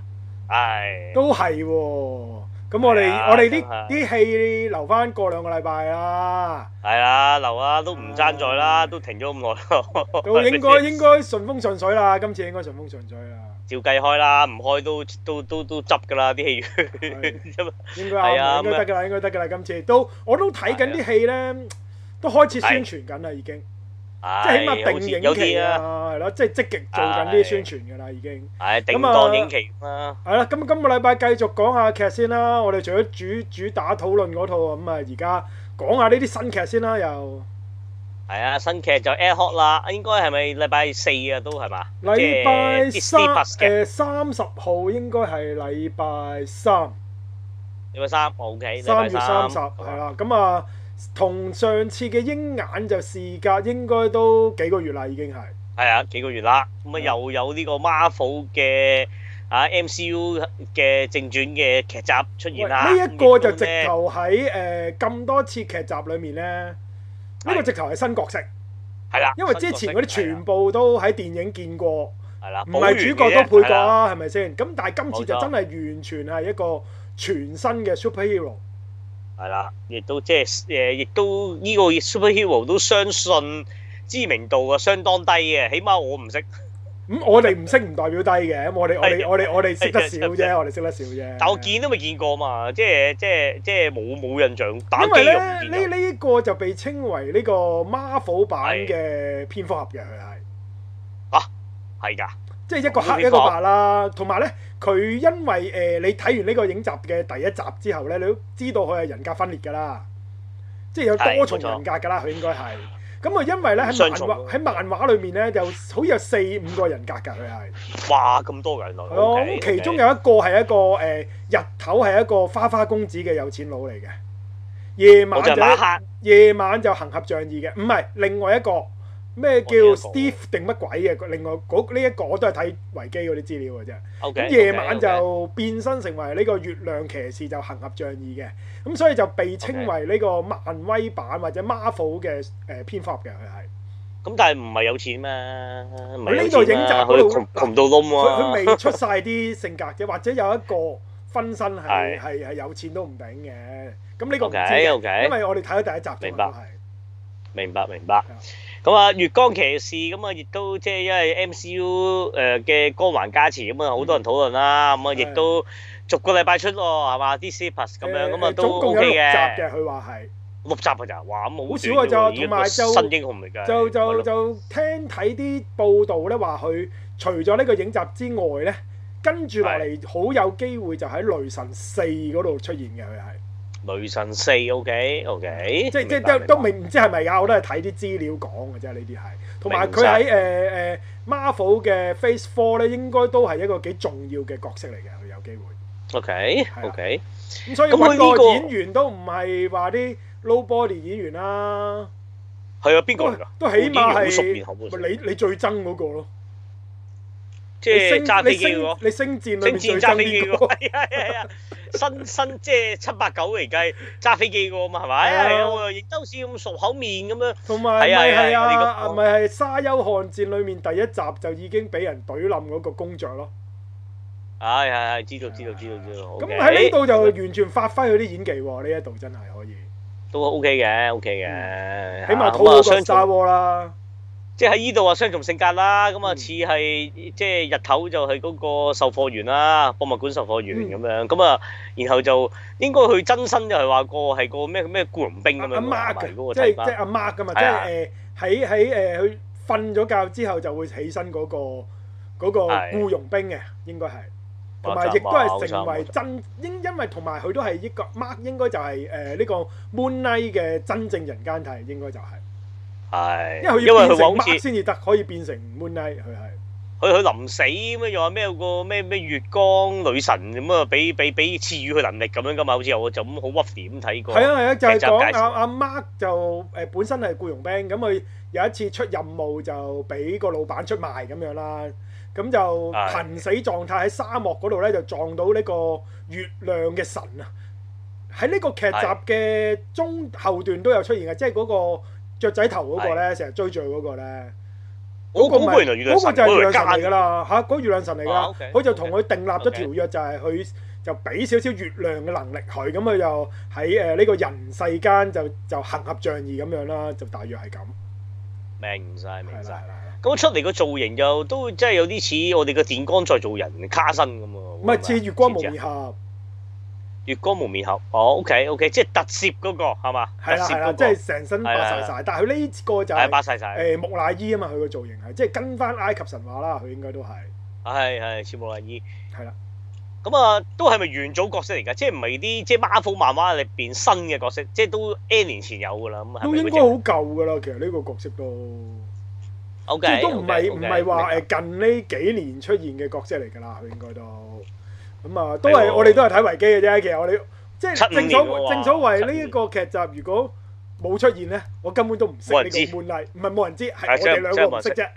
係都係喎。咁我哋我哋啲啲戲留翻過兩個禮拜啊。係啊，留啊，都唔爭在啦，都停咗咁耐咯。都應該應該順風順水啦，今次應該順風順水啦。照計開啦，唔開都都都都執噶啦啲戲院。 (laughs) 應該啊應該，應該得噶啦，應該得噶啦。今次都我都睇緊啲戲咧，都開始宣傳緊啦已經。啊、即係起，起碼定影期啊，係咯、啊，即係積極做緊啲宣傳噶啦、啊、已經。係、啊、定檔影期啦。係啦、啊，咁、啊、今個禮拜繼續講下劇先啦。我哋除咗主主打討論嗰套啊，咁啊而家講下呢啲新劇先啦又。係啊，新劇就 AirHot 啦，應該係咪禮拜四啊？都係嘛？禮拜三嘅三十號應該係禮拜三。禮拜三，OK。三月三十，係啦。咁啊，同上次嘅《鷹眼》就時隔應該都幾個月啦，已經係。係啊，幾個月啦。咁、嗯、啊，又有呢個 Marvel 嘅啊 MCU 嘅正傳嘅劇集出現啦。呢一、呢個就直頭喺誒咁多次劇集裏面咧。呢個直頭係新角色，係啦的，因為之前嗰啲全部都喺電影見過，係啦的，唔係主角都配角啊，係咪先？咁但係今次就真係完全係一個全新嘅 superhero，係啦，亦都即係誒，亦都呢個 superhero 都相信知名度啊，相當低嘅，起碼我唔識。咁、嗯、我哋唔識唔代表低嘅，咁我哋我哋我哋我哋識得少啫，的我哋識得少啫。但我見都未見過嘛，即係即係即係冇冇印象。的因為咧呢呢你個就被稱為呢個 Marvel 版嘅蝙蝠俠嘅佢係啊，係㗎，即係一個黑一個白啦。同埋咧，佢因為誒、呃、你睇完呢個影集嘅第一集之後咧，你都知道佢係人格分裂㗎啦，即係有多重人格㗎啦，佢應該係。咁啊，因為咧喺漫畫喺重漫畫裏面咧，就好似有四五個人格㗎。佢係哇咁多人。咁、嗯、Okay, okay. 其中有一個係一個誒、呃、日頭係一個花花公子嘅有錢佬嚟嘅，夜晚就，就夜晚就行俠仗義嘅，唔係另外一個。咩叫 Steve 定乜鬼嘅？另外呢、呢、一個我都係睇維基嗰啲資料嘅啫。咁夜 Okay, 晚就變身成為呢個月亮騎士，就行俠仗義嘅。咁所以就被稱為呢個漫威版或者 Marvel 嘅誒蝙蝠俠嘅佢係。咁 Okay, 是但係唔係有錢咩？呢度影集佢窮，窮到窿佢未出晒啲性格嘅，或者有一個分身係係係有錢都唔頂嘅。咁呢個 O K O K，因為我哋睇咗第一集。明白，明白，明白。明白。咁啊，《月光騎士》咁啊，亦都即係因為 MCU 誒嘅光環加持，咁啊好多人討論啦。咁啊、嗯，亦都逐個禮拜出咯，係嘛？DC Plus 咁樣，咁啊、欸、都 OK 嘅。總共有六集嘅，佢話係。六集㗎咋？哇！咁好少啊！就同埋新英雄嚟㗎。就就就聽睇啲報道咧，話佢除咗呢個影集之外咧，的跟住落嚟好有機會就喺《雷神四》嗰度出現嘅佢係。雷神四，OK，OK，即即都都未唔知係咪啊？我都係睇啲資料講嘅啫，呢啲係。同埋佢喺誒誒 Marvel 嘅 Phase Four 咧，應該都係一個幾重要嘅角色嚟嘅，佢有機會。OK，OK。咁所以每個演員都唔係話啲 nobody 演員啦。係啊，邊個嚟噶？都起碼係。咪你你最憎嗰個咯？即係揸飛機嗰個。你星戰裏面最憎呢個。係係係。新新即係七八九嚟計，揸飛機個嘛，係咪？係啊， (laughs) 亦都似咁熟口面咁樣。同埋係啊，呢唔係係沙丘瀚戰裡面第一集就已經俾人懟冧嗰個公爵咯。哎係係，知道知道知道知道。咁喺呢度就完全發揮佢啲演技喎，呢、哎、呀一度真係可以。都 OK 嘅，OK 嘅，嗯、起碼套到個沙窩啦。即係喺呢度話雙重性格啦，咁啊似係即係日頭就係嗰個售貨員啦，博物館售貨員咁樣，咁啊，然後就應該佢真身就係話個係個咩咩僱傭兵啊嘛，即係即係阿 Mark 嘛，即係誒喺喺誒佢瞓咗覺之後就會起身嗰個嗰個僱傭兵嘅，應該係同埋亦都係成為真因因為同埋佢都係一個 Mark 應該就係誒呢個 Moon Knight 嘅真正人間體，應該就係。係，因為佢往次先至得可以變成 Moon Knight，o l 佢係佢佢臨死咁樣又話咩個咩咩月光女神咁啊，俾俾俾賜予佢能力咁樣噶嘛，好似有就咁好 waffy 咁睇過。係啊係啊，就係、是、講阿阿 Mark 就誒、呃、本身係僱傭兵，咁佢有一次出任務就俾個老闆出賣咁樣啦，咁就瀕死狀態喺沙漠嗰度咧就撞到呢個月亮嘅神啊！喺呢個劇集嘅中後段都有出現嘅，即係嗰個。雀仔頭嗰個咧，成日追住嗰個咧，嗰個唔係，嗰個就係月亮神嚟噶啦，嚇，嗰個月亮神嚟噶，佢就同佢訂立咗條約，就係佢就俾少少月亮嘅能力佢，咁佢就喺誒呢個人世間就就行俠仗義咁樣啦，就大約係咁。明晒，明晒。曬。咁出嚟個造型又都真係有啲似我哋個電光在做人卡身咁喎，唔係似月光無二合。月光蒙面俠，哦，OK，OK，即係特攝嗰個係嘛？係啦，即係成身白晒晒，但係佢呢個就係白晒晒，誒木乃伊啊嘛，佢個造型係即係跟翻埃及神話啦，佢應該都係。係係似木乃伊。係啦，咁啊都係咪元祖角色嚟噶？即係唔係啲即係 Marvel 漫畫嚟變新嘅角色？即係都 N 年前有噶啦，咁啊都應該好舊噶啦，其實呢個角色都。OK。都唔係唔係話誒近呢幾年出現嘅角色嚟噶啦，佢應該都。咁啊，都係我哋都係睇維基嘅啫。其實我哋即係正所正所謂呢一個劇集，如果冇出現咧，我根本都唔識呢段案例。唔係冇人知，係我哋兩個唔識啫。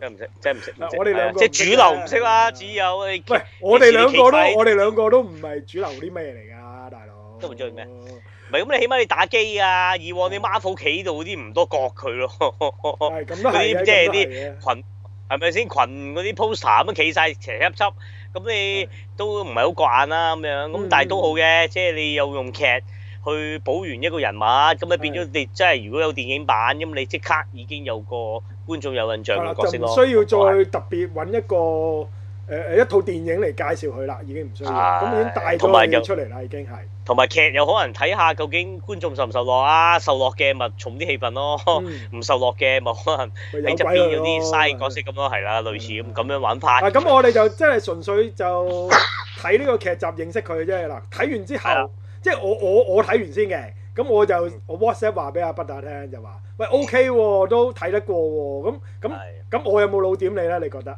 真唔識，真唔識。我哋兩個即係主流唔識啦，只有你。喂，我哋兩個都我哋兩個都唔係主流啲咩嚟㗎，大佬。都唔中意咩？唔係咁，你起碼你打機啊！以往你 Marvel 企到嗰啲唔多覺佢咯。係咁咯。嗰啲即係啲羣係咪先羣嗰啲 poster 咁企曬，成一輯。咁你都唔係、啊、好慣啦咁樣，咁但係都好嘅，即係你又用劇去補完一個人物，咁你變咗你真係如果有電影版，咁你即刻已經有個觀眾有印象嘅角色咯。啊、唔需要再特別揾一個。誒誒，一套電影嚟介紹佢啦，已經唔需要啦咁已經大咗影出嚟啦，已經係。同埋劇有可能睇下究竟觀眾受唔受落啊？受落嘅咪重啲戲份咯，唔受落嘅咪可能喺側邊有啲嘥角色咁咯的，係啦，是的 類似咁咁樣玩法。咁我哋就真係純粹就睇呢個劇集認識佢啫啦。睇完之後的、啊，即係我我我睇完先嘅，咁我就我 WhatsApp 話俾阿不打聽就話，喂 OK 都睇得過喎，咁咁咁我有冇老點你咧？你覺得？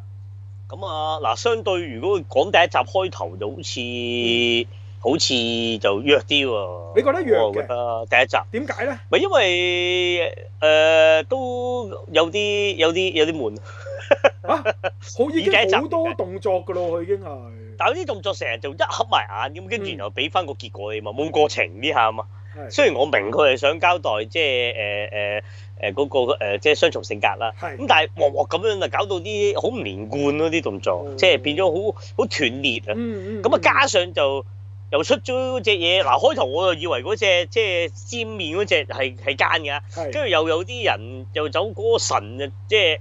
咁啊，嗱，相對如果佢講第一集開頭就好似好似就弱啲喎。你覺得弱嘅？第一集。點解咧？咪因為誒、呃、都有啲有啲有啲悶 (laughs) 啊！好已經好多動作嘅咯，佢已經係。但係嗰啲動作成日就一合埋眼咁，跟住然後又俾翻個結果你、嗯、嘛，冇過程啲下嘛？雖然我明佢係想交代，即係誒誒誒嗰個即係雙重性格啦。咁的但係鑊鑊咁樣就搞到啲好唔連貫嗰啲動作，嗯嗯、即係變咗好好斷裂啊。咁啊、嗯，嗯嗯、加上就又出咗嗰隻嘢。嗱、啊、開頭我就以為嗰隻即係尖面嗰隻係係奸㗎，跟住又有啲人又走嗰個神啊，即係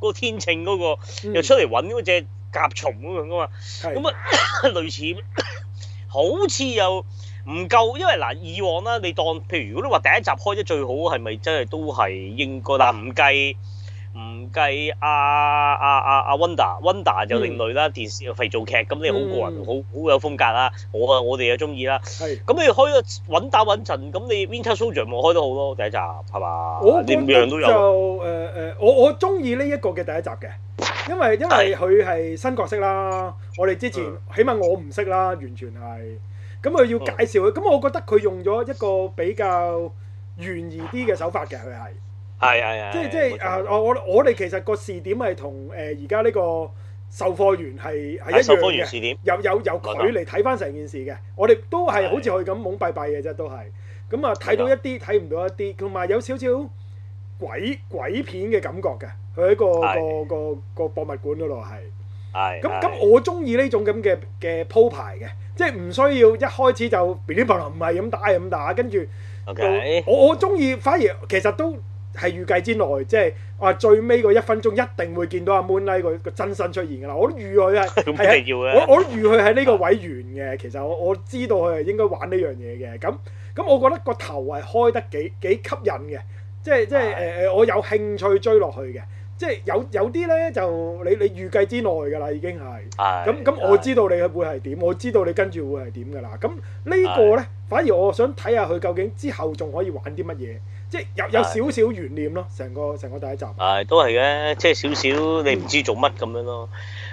嗰個天秤嗰個又出嚟搵嗰隻甲蟲噉樣㗎嘛。咁、嗯、啊、嗯嗯，類似 (laughs) 好似又。唔夠，因為嗱、啊、以往啦，你當譬如如果你話第一集開得最好，係咪真係都係應該？嗱、啊，唔計唔計阿阿阿阿 Wanda，Wanda 就另類啦，嗯、電視肥皂劇咁你、嗯、好個人好好有風格啦。我啊，我哋又中意啦。咁、嗯、你開個穩打穩陣，咁你 Winter Soldier 冇開得好咯，第一集係嘛、呃呃？我我就誒誒，我我中意呢一個嘅第一集嘅，因為因為佢係新角色啦。我哋之前起碼、嗯、我唔識啦，完全係。咁佢要介紹佢。咁我覺得佢用咗一個比較懸疑啲嘅手法嘅，佢係係係，即係即係啊！我我哋其實個視點係同誒而家呢個售貨員係係一樣嘅有有有距離睇返成件事嘅。我哋都係好似佢咁懵閉閉嘅啫，都係咁啊！睇到一啲，睇唔到一啲，同埋有少少鬼鬼片嘅感覺嘅。佢喺個個個個博物館嗰度係係。咁咁，我中意呢種咁嘅嘅鋪排嘅。即係唔需要一開始就噼里啪啦，唔係咁打，係咁打。跟住 Okay. 我我中意，反而其實都係預計之內。即係話、啊、最尾個一分鐘一定會見到阿、啊、Moonlight 個個真身出現噶啦。我都預佢係， (laughs) 我我預佢喺呢個位完嘅。其實我我知道佢係應該玩呢樣嘢嘅。咁咁，我覺得個頭係開得幾幾吸引嘅，即係即係誒誒，我有興趣追落去嘅。即係有有啲咧就你你預計之內㗎啦，已經係。咁咁係，我知道你會係點，係，我知道你跟住會係點㗎啦。咁呢個咧，係，反而我想睇下佢究竟之後仲可以玩啲乜嘢，即係有有少少懸念咯。成個成個第一集。係，都係嘅，即係少少你唔知做乜咁樣咯。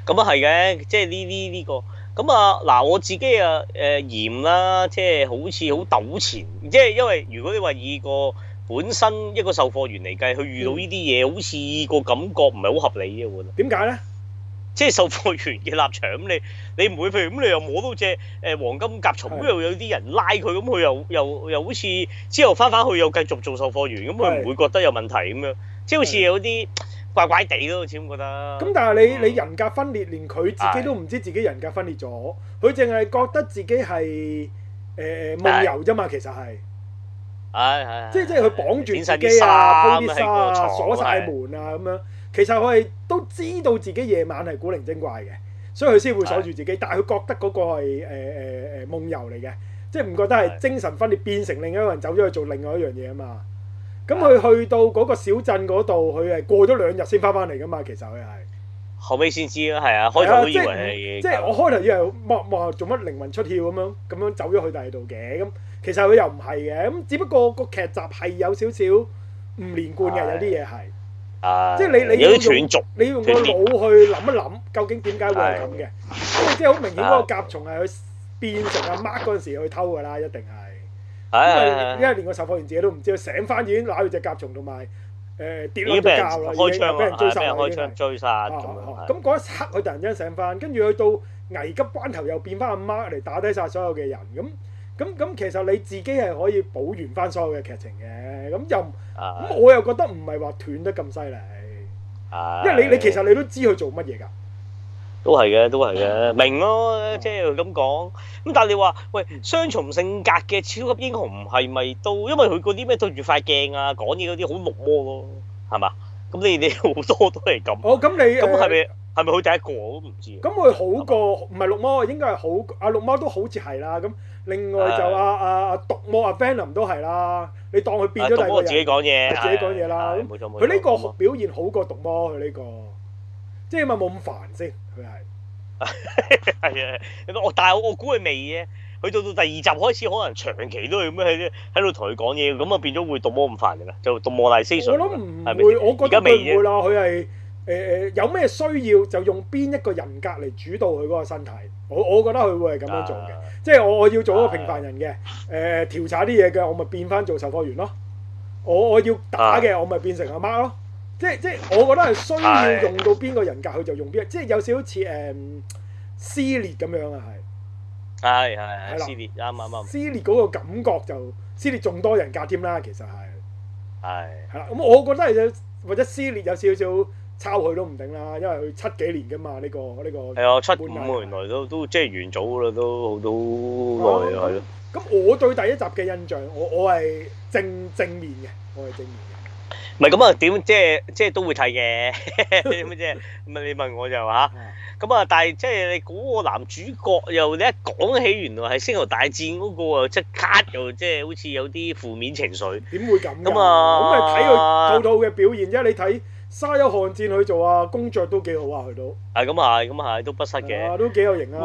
咁啊係嘅，即係呢呢呢個。咁啊嗱，我自己啊誒、呃、嫌啦，即係好似好糾纏，即係因為如果你話以個本身一個售貨員嚟計，佢遇到呢啲嘢，好似個感覺唔係好合理嘅，我覺得。點解咧？即係售貨員嘅立場咁，你你唔會譬如咁，你又摸到隻誒、呃、黃金甲蟲，咁是的 又有啲人拉佢，咁佢又又又好似之後翻返去又繼續做售貨員，咁佢唔會覺得有問題咁樣，是的 即係好似有啲怪怪地咯，始終覺得。咁、嗯、但係你你人格分裂，連佢自己都唔知自己人格分裂咗，佢淨係覺得自己係誒夢遊啫嘛，呃、但 其實係。即係佢綁住自己啊，鋪啲沙啊，鎖晒門啊咁樣。其實佢係都知道自己夜晚係古靈精怪嘅，所以佢先會鎖住自己。但係佢覺得嗰個係誒誒誒夢遊嚟嘅，即係唔覺得係精神分裂變成另一個人走咗去做另外一樣嘢啊嘛。咁佢去到嗰個小鎮嗰度，佢係過咗兩日先返返嚟㗎嘛。其實佢係後尾先知咯，啊，開頭即係我開頭以為莫莫做乜靈魂出竅咁樣咁樣走咗去第二度嘅咁。其實佢又唔係嘅，咁只不過個劇集係有少少唔連貫嘅，的有啲嘢係，即係類你你要你要用個腦去諗一諗，究竟點解會係咁嘅？的因為即係好明顯嗰個甲蟲係佢變成阿 Mark 嗰陣時去偷㗎啦，一定係，的因為因為連個售貨員自己都唔知，佢醒翻已經攞住隻甲蟲同埋誒跌落去膠咯，已經開槍追殺啦，已經追殺咁嗰一刻佢突然之間醒翻，跟住去到危急關頭又變翻阿 Mark 嚟打低晒所有嘅人咁。咁咁，其實你自己係可以補完翻所有嘅劇情嘅，咁又咁我又覺得唔係話斷得咁犀利，因為你你其實你都知佢做乜嘢噶，都係嘅，都係嘅，明咯，即係咁講。咁但係你話喂，雙重性格嘅超級英雄係咪都因為佢嗰啲咩對住塊鏡啊講嘢嗰啲好綠魔咯，係嘛、啊？咁你你好多都係咁。哦，咁你咁係咪？係咪佢第一個我都唔知。咁佢好過唔係綠魔應該係好過。阿綠魔都好似係啦。咁另外就阿阿毒魔阿 Venom 都係啦。你當佢變咗第二個？毒魔自己講嘢，自己講嘢啦。冇錯冇錯。佢呢個表現好過毒魔，佢呢個即係咪冇咁煩先？佢係係啊，我但係我估佢未嘢，佢到到第二集開始，可能長期都係咁喺度同佢講嘢。咁啊變咗會毒魔咁煩嘅啦。就毒魔大師上。我諗唔會，我而家未會啦。佢係。誒誒、呃，有咩需要就用邊一個人格嚟主導佢嗰個身體，我我覺得佢會係咁樣做嘅，即係我我要做一個平凡人嘅，誒調、哎呀 呃、查啲嘢嘅，我咪變翻做售貨員咯，我我要打嘅，哎、呀 我咪變成阿媽咯，即係即係我覺得係需要用到邊個人格，佢、哎、呀 就用邊，即係有少少似誒撕裂咁樣啊，係係係係啦，撕裂啱啱、哎、呀啦撕裂嗰個感覺就撕裂仲多人格添啦，其實係係係啦，咁我覺得係或者撕裂有少少。抄佢都唔定啦，因為佢七幾年㗎嘛呢個呢個。係、這、啊、個，七五年喎，原來都都即係元祖啦，都都耐係咯。咁、哦、我對第一集嘅印象，我我係正正面嘅，我係正面嘅。唔係咁啊？點即係即係都會睇嘅？即係咁啊？你問我就嚇。咁啊，但係即係你嗰個男主角又你一講起原來係星球大戰嗰個啊，即刻又即係好似有啲負面情緒。點會咁？咁啊？咁你睇佢套套嘅表現啫。你睇。你沙丘寒戰去做啊工作都幾好啊，佢都係咁啊，咁啊，都不失嘅、啊，都幾有型啊！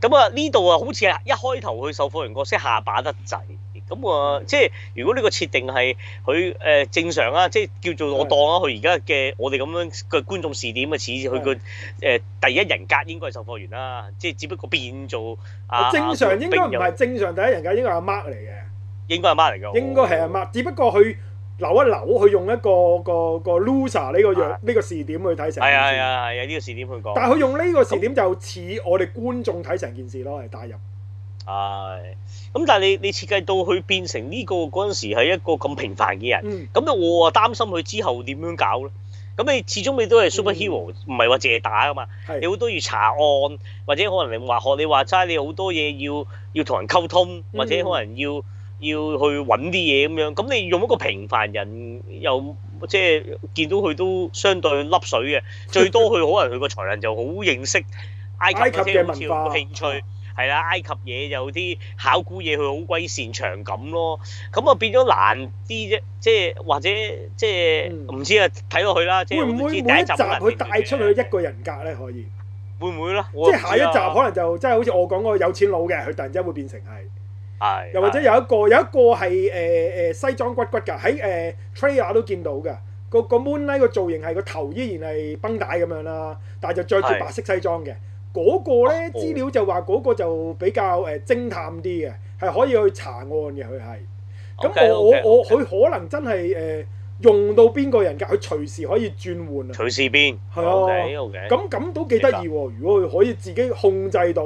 咁啊，呢度啊，好似一開頭去售貨員角色下巴得滯，咁啊，對 即係如果呢個設定係佢誒正常啊，即係叫做我當咗佢而家嘅我哋咁樣嘅觀眾視點嘅似佢個誒第一人格應該係售貨員啦，即係只不過變做啊正常應該唔係正常第一人格，應該係阿 Mark 嚟嘅，應該係阿 Mark 嚟嘅， 應該係阿 Mark，只不過佢。扭一扭，佢用一個一個一個 loser 呢個樣，呢個視點去睇成件事。啊係啊係啊，呢、啊、個視點去講。但係佢用呢個視點就似我哋觀眾睇成件事咯，嚟帶入。係、哎。咁但係你你設計到佢變成呢、呢個嗰陣時係一個咁平凡嘅人，咁咧、嗯、我啊擔心佢之後點樣搞咧？咁你始終你都係 superhero，唔係話、嗯、借打啊嘛？是你好多要查案，或者可能你話學你話齋，你好多嘢要要同人溝通，或者可能要。嗯要去揾啲嘢咁樣，咁你用一個平凡人又即係見到佢都相對叻水嘅，最多佢可能佢個才能就好認識埃及嘅文化、興趣係啦、啊，埃及嘢有啲考古嘢佢好鬼擅長咁咯，咁啊變咗難啲啫，即係或者即係唔知啊，睇落去啦。即、嗯、即係唔知會唔會第一集佢帶出去一個人格咧？可以會唔會咧？即係下一集可能就真係好似我講嗰個有錢佬嘅，佢突然之間會變成係。又或者有一個有一個係誒誒西裝骨骨㗎，喺誒 trailer 都見到㗎。個 Moonlight 個造型係個頭依然係崩帶咁樣啦，但係就着住白色西裝嘅嗰個咧資料就話嗰個就比較誒偵探啲嘅，係可以去查案嘅佢係。咁我我我佢可能真係誒用到邊個人格？佢隨時可以轉換啊，隨時變係是啊。咁咁都幾得意喎！如果佢可以自己控制到。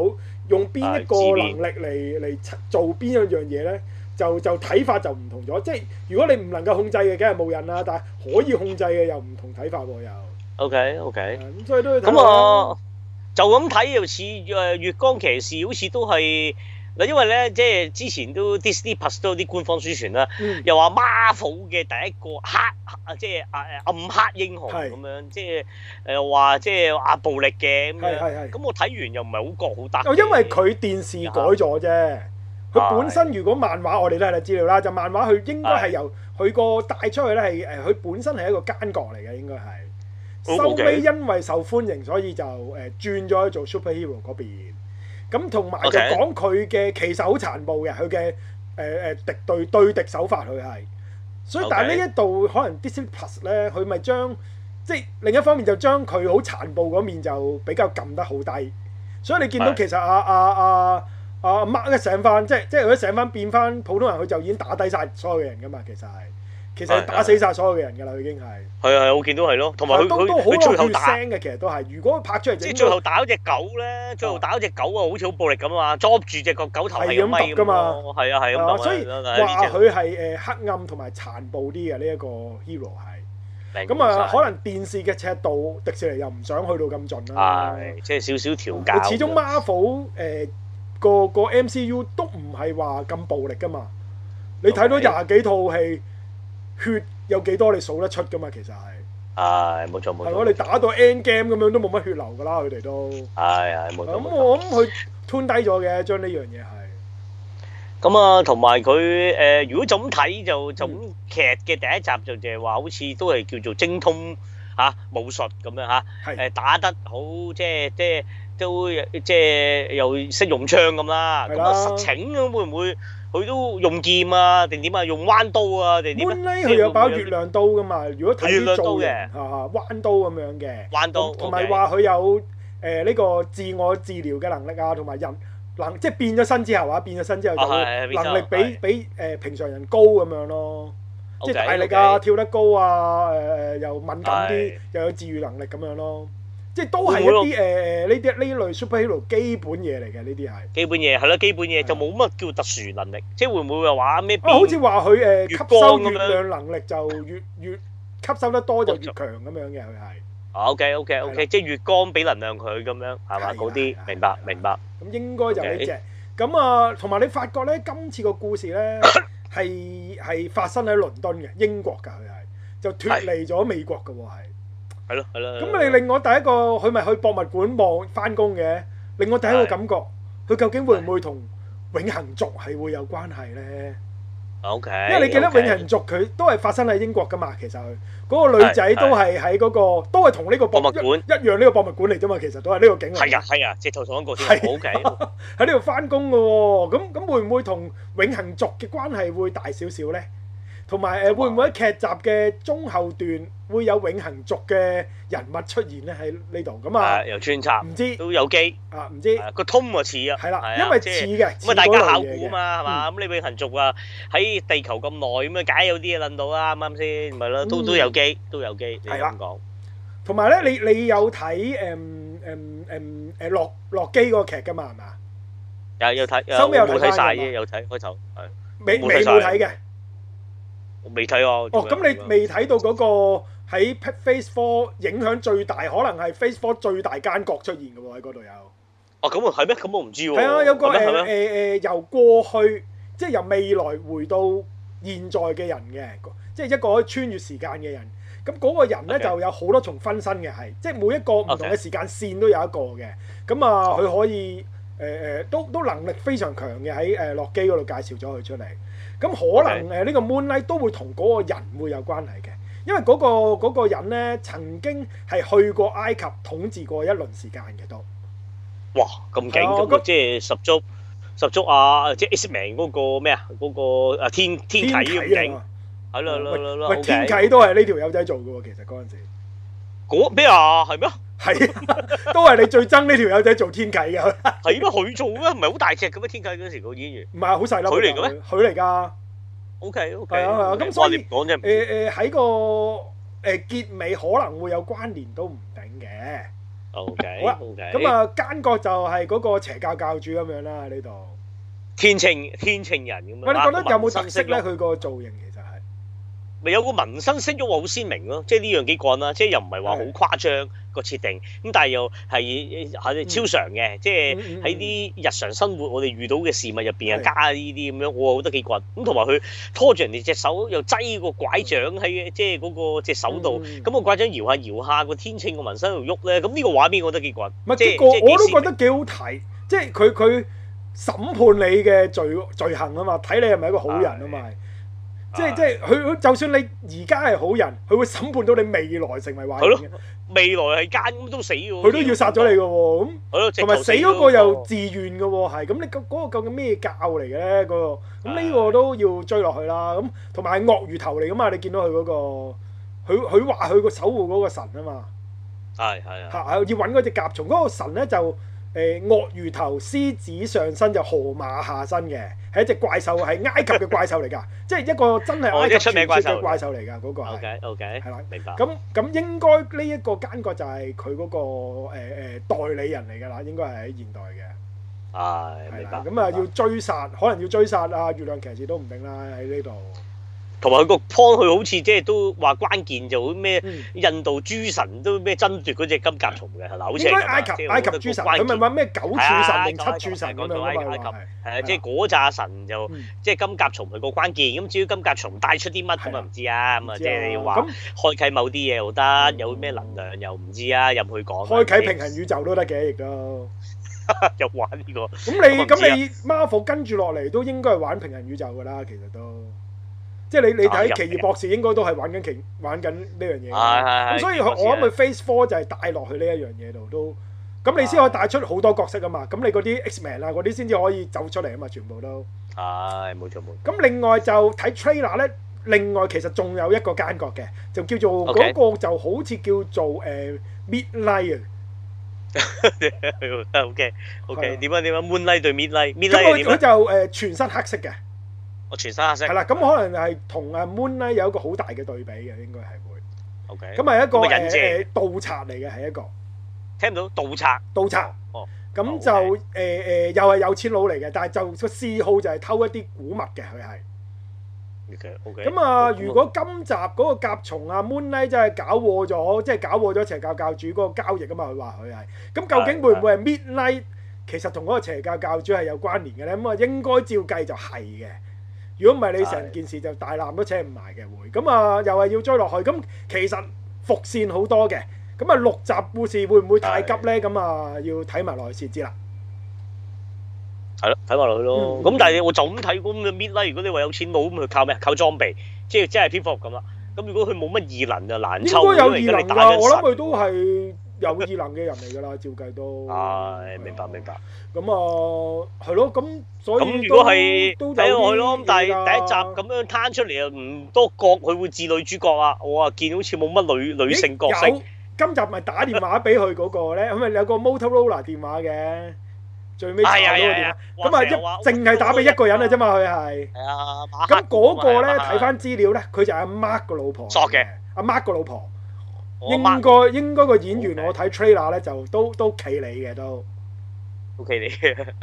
用邊一個能力嚟，嚟做邊一樣嘢咧？就就睇法就唔同咗。即係如果你唔能夠控制嘅，梗係冇人啦。但係可以控制嘅又唔同睇法喎。又 Okay, okay.、啊。OK，OK。咁我就咁睇又似誒月光騎士好，好似都係。因為咧，即係之前都 Disney+ 都有啲官方宣傳啦，嗯、又話 Marvel 嘅第一個黑即係啊暗黑英雄咁是 樣，即係又話即係阿暴力嘅咁是樣。咁是我睇完又唔係好覺好得意因為佢電視改咗啫。佢是是 本身如果漫畫，我哋都係知道啦。就漫畫佢應該係由佢個帶出去咧，係誒佢本身係一個奸角嚟嘅，應該係。收尾、嗯、因為受歡迎，所以就誒轉咗去做 Super Hero 嗰邊。咁同埋就講佢嘅其實好殘暴嘅，佢嘅誒誒敵對對敵手法佢係，所以 Okay. 但係呢一度可能 Disney Plus 咧，佢咪將即係另一方面就將佢好殘暴嗰面就比較撳得好低，所以你見到其實啊是的 啊啊阿 Mark 嘅醒返即係即係佢醒返變翻普通人，佢就已經打低晒所有嘅人噶嘛，其實係。其實打死晒所有嘅人㗎啦，已經係係係，我見到係咯。同埋佢都好最後聲嘅，其實都係。如果拍出嚟，即係最後打嗰隻狗咧，最後打嗰隻狗啊，好似好暴力咁啊，捉住隻個狗頭係咁㗎嘛，係啊係啊，所以話佢係誒黑暗同埋殘暴啲嘅呢一個 hero 係咁啊，可能電視嘅尺度迪士尼又唔想去到咁盡啦，即係少少調教。始終 Marvel 誒個個 MCU 都唔係話咁暴力㗎嘛，你睇到廿幾套戲。血有幾多你數得出㗎嘛？其實係係冇錯，係你打到 End Game 咁樣都冇乜血流㗎啦，佢哋都係係冇錯。咁我諗佢吞低咗嘅，將呢樣嘢係。咁啊，同埋佢誒，如果總睇就總劇嘅第一集就就係話，好似都係叫做精通吓武術咁樣吓，誒打得好，即係即係都即係又識用槍咁啦，咁啊實情會唔會？佢都用劍啊，定點啊？用彎刀啊，定點 Moon 佢有把月亮刀噶嘛？如果睇啲造型，彎刀咁樣嘅。彎刀。同埋話佢有誒呢 okay.、呃呢個自我治療嘅能力啊，同埋人能即係變咗身之後啊，變咗身之後就能力比、啊、比誒、呃、平常人高咁樣咯。即係大力啊，okay. 跳得高啊，誒、呃呃呃、又敏感啲，的的又有治愈能力咁樣咯。即係都係一啲誒呢啲呢類 superhero 基本嘢嚟嘅呢啲係，基本嘢係咯，基本嘢就冇乜叫特殊能力，即係會唔會話話咩？哦，好似話佢誒吸收能量能力就越越吸收得多就越強咁樣嘅佢係。OK OK OK，即係月光俾能量佢咁樣係嘛嗰啲，明白明白。咁應該就呢隻咁啊，同埋你發覺咧，今次個故事咧係係發生喺倫敦嘅英國噶，佢係就脫離咗美國噶喎係。係咯，咁你令我第一個佢咪去博物館望翻工嘅，令我第一個感覺，佢究竟會唔會同《永恆族》係會有關係咧？O K，因為你記得《永恆族》佢都係發生喺英國噶嘛，其實佢嗰個女仔都係喺嗰個，都係同呢個博物館一樣呢個博物館嚟啫嘛，其實都係呢個景係啊，係啊，直頭講過添，O K，喺呢度翻工嘅喎，咁咁會唔會同《永恆族》嘅關係會大少少咧？同埋誒，會唔會喺劇集嘅中後段會有永恆族嘅人物出現咧？喺呢度咁啊，由穿插，唔知都有機啊？唔知個通啊似啊，係啦，因為似嘅咁啊，大家考古啊嘛，係嘛？咁呢永恆族啊，喺地球咁耐咁啊，梗係有啲嘢諗到啦，咁先咪咯，都都有機，都有機，你咁講。同埋咧，你你有睇誒誒誒誒洛洛基個劇嘅嘛？係嘛？有有睇，收尾有睇晒嘅，有睇開頭，係未未睇完嘅。我未睇哦。哦，咁你未睇到嗰個喺 Phase Four 影響最大，可能係 Phase Four 最大間角出現嘅喎，喺嗰度有。哦、啊，咁係咩？咁我唔知喎。係啊，有個誒誒誒由過去即係由未來回到現在嘅人嘅，即係一個可以穿越時間嘅人。咁、那、嗰個人咧 Okay. 就有好多重分身嘅，係即係每一個唔同嘅時間線都有一個嘅。咁 Okay. 啊，佢可以誒誒、呃呃、都都能力非常強嘅喺誒洛基嗰度介紹咗佢出嚟。咁可能誒呢個 Moonlight 都會同嗰個人會有關係嘅，因為嗰、那個嗰、那個人咧曾經係去過埃及統治過一輪時間嘅都。哇！咁勁嘅，即係、哦、十足那十足啊！即係 X-Man 嗰個咩啊？嗰、那個啊天天啟啊！天啟都係呢條友仔做㗎喎，其實嗰陣時。嗰咩啊？係咩？係，都係你最憎呢條友仔做天啟噶。係咩，佢做咩？唔係好大隻嘅咩？天啟嗰時個演員。唔係啊，好細粒，佢嚟嘅咩？佢嚟噶。OK OK。係啊係啊，咁所以誒誒喺個誒結尾可能會有關聯都唔定嘅。OK 好啦 OK。咁啊奸角就係嗰個邪教教主咁樣啦，喺呢度。天晴天晴人咁樣。喂，你覺得有冇特色咧？佢個造型。咪有個紋身升咗，好鮮明咯，即係呢樣幾棍啦，即係又唔係話好誇張個設定，咁但係又係係超常嘅，即係喺啲日常生活我哋遇到嘅事物入邊啊加呢啲咁樣，我覺得幾棍。咁同埋佢拖住人哋隻手，又擠個拐杖喺，即係嗰個隻手度，咁個拐杖搖下搖下，個天秤個紋身喺度喐咧，咁呢個畫面我覺得幾棍。唔係，個我都覺得幾好睇，即係佢佢審判你嘅罪罪行啊嘛，睇你係咪一個好人啊嘛。即係即係佢，就算你而家係好人，佢會審判到你未來成為壞人。未來係奸都死嘅，佢都要殺咗你嘅。咁同埋死嗰、那個、個又自願嘅，係咁你嗰嗰個究竟咩教嚟嘅呢？嗰、那個咁呢、那個、個都要追落去啦。咁同埋係鱷魚頭嚟㗎嘛！你見到佢嗰、那個，佢佢話佢個守護嗰個神啊嘛。係係啊，要搵嗰隻甲蟲嗰、那個神呢就。誒、呃、鱷魚頭獅子上身就河馬下身嘅，係一隻怪獸，係埃及嘅怪獸嚟㗎， (laughs) 即係一個真係埃及傳說嘅怪獸嚟㗎嗰個。OK OK，係啦，明白。咁咁應該呢一個奸角就係佢嗰個誒誒代理人嚟㗎啦，應該係喺現代嘅。係明白。咁啊，要追殺，可能要追殺啊，月亮騎士都唔定啦，喺呢度。同埋佢個 point，佢好似即係都話關鍵就好咩？印度諸神都咩爭奪嗰隻金甲蟲嘅係咪？好似埃及埃及諸神，佢咪咪咩九柱神定七柱神度，咁樣？係即係嗰紮神就即係金甲蟲係個關鍵。咁至於金甲蟲帶出啲乜咁啊？唔知啊咁啊，即係你要話開啟某啲嘢又得，有咩能量又唔知啊？入去講開啟平行宇宙都得嘅，亦都又玩呢個。咁你咁你 Marvel 跟住落嚟都應該係玩平行宇宙㗎啦，其實都。即係你你睇《奇異博士》應該都係玩緊奇玩緊呢樣嘢，咁所以我諗佢 Phase Four 就係帶落去呢一樣嘢度都，咁你先可以帶出好多角色㗎嘛，咁你嗰啲 X-Men 啊嗰啲先至可以走出嚟啊嘛，全部都。係冇錯冇錯。咁另外就睇 trailer 咧，另外其實仲有一個間角嘅，就叫做嗰個就好似叫做誒 Midnight 啊。O K O K 點啊點啊，Moonlight 對 Midnight，Midnight 點啊？佢就誒全身黑色嘅。我全身黑色係啦，咁可能係同啊 Moon 咧有一個好大嘅對比嘅，應該係會 OK。咁係一個人嘅盜賊嚟嘅，係一個聽唔到盜賊盜賊哦。咁就誒誒，又係有錢佬嚟嘅，但係就個嗜好就係偷一啲古物嘅。佢係 OK OK。咁啊，如果今集嗰個甲蟲啊 Moon 咧真係搞禍咗，即係搞禍咗邪教教主嗰個交易啊嘛。佢話佢係咁，究竟會唔會係 Midnight 其實同嗰個邪教教主係有關聯嘅咧？咁啊，應該照計就係嘅。如果唔係你成件事就大纜都扯唔埋嘅會。咁啊又係要追落去，咁其實伏線好多嘅，咁啊六集故事會唔會太急咧？咁啊的要睇埋落去先知啦。係咯，睇埋落去咯。咁、嗯、但係我就咁睇，咁嘅滅啦。如果你話有錢佬，咁，佢靠咩？靠裝備，即係即係蝙蝠咁啊。咁如果佢冇乜異能就難抽。應該有異能，打我諗佢都係。有異能嘅人嚟㗎啦，照計都。係，明白明白。咁啊，係咯，咁所以如果都睇落去咯，但係第一集咁樣攤出嚟又唔多覺，佢會置女主角啊！我啊見好似冇乜女女性角色。有，今集咪打電話俾佢嗰個咧，佢咪有個 Motorola 電話嘅，最尾打咗個電話。咁啊，一淨係打俾一個人啊啫嘛，佢係。係啊，咁嗰個咧睇翻資料咧，佢就阿 Mark 個老婆。索嘅，阿 Mark 個老婆。應該應該個演員，Okay. 我睇 trailer 咧就都都企你嘅都你，O.K. 你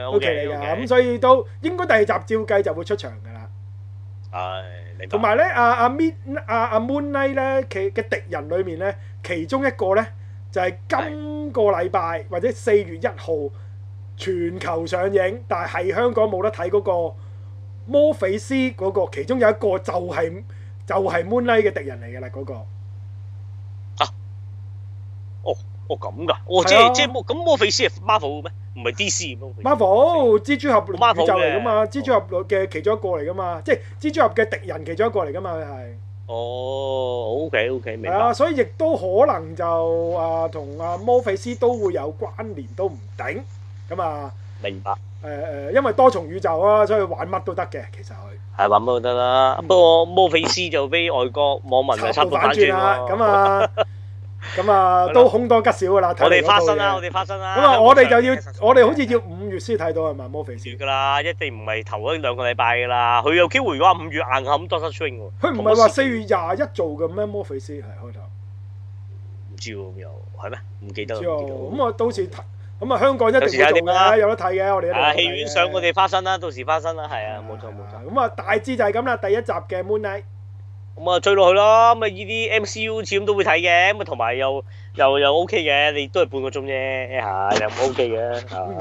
，O.K. 你嘅咁，所以都應該第二集照計就會出場噶啦。唉、uh，同埋咧，阿、啊、阿 m、啊、i 阿、啊、阿、啊、Moon Knight 咧，其嘅敵人裏面咧，其中一個咧就係、是、今個禮拜或者四月一號全球上映，但係香港冇得睇嗰、那個《魔比斯、那》嗰個，其中有一個就係、是、就係、是、Moon Knight 嘅敵人嚟噶啦嗰個。哦咁噶，哦即係即係魔咁魔費斯係 Marvel 咩？唔係 DC 嘅 Marvel，蜘蛛俠宇宙嚟噶嘛？蜘蛛俠嘅其中一個嚟噶嘛？即係蜘蛛俠嘅敵人其中一個嚟噶嘛？佢係哦，OK OK，明白。係啊，所以亦都可能就啊同啊魔費斯都會有關聯，都唔定咁啊。明白。誒誒，因為多重宇宙啊，所以玩乜都得嘅，其實佢係玩乜都得啦。不過魔費斯就俾外國網民差唔多反轉喎。咁啊。咁啊，都凶多吉少噶啦，我哋花生啦，我哋花生啦。咁啊，我哋就要，我哋好似要五月先睇到係咪？《魔比斯》。四月噶啦，一定唔係頭嗰兩個禮拜噶啦。佢有機會，如果五月硬下咁多出 swing 喎。佢唔係話四月廿一做嘅咩？《魔比斯》係開頭。唔知喎，又係咩？唔記得。唔知道。咁啊到時睇，咁啊香港一定會做㗎，有得睇嘅。我哋。啊，戲院上我哋花生啦，到時花生啦，係啊，冇錯冇錯。咁啊，大致就係咁啦，第一集嘅《Moon Knight》。咁啊追落去咯，咁啊依啲 MCU 始終都會睇嘅，咁啊同埋又又又 OK 嘅，你都係半個鐘啫，下又唔 OK 嘅，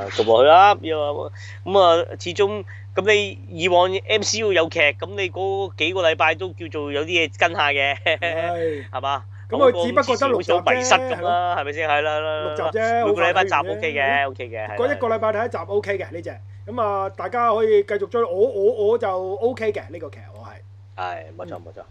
續落去啦。咁啊始終咁你以往 MCU 有劇，咁你嗰幾個禮拜都叫做有啲嘢跟下嘅，係嘛？咁佢只不過得六集啫，係咪先？係啦，六集啫，每個禮拜集 OK 嘅，OK 嘅，一個禮拜睇一集 OK 嘅呢隻，咁啊大家可以繼續追。我我我就 OK 嘅呢個劇，我係。係冇錯冇錯。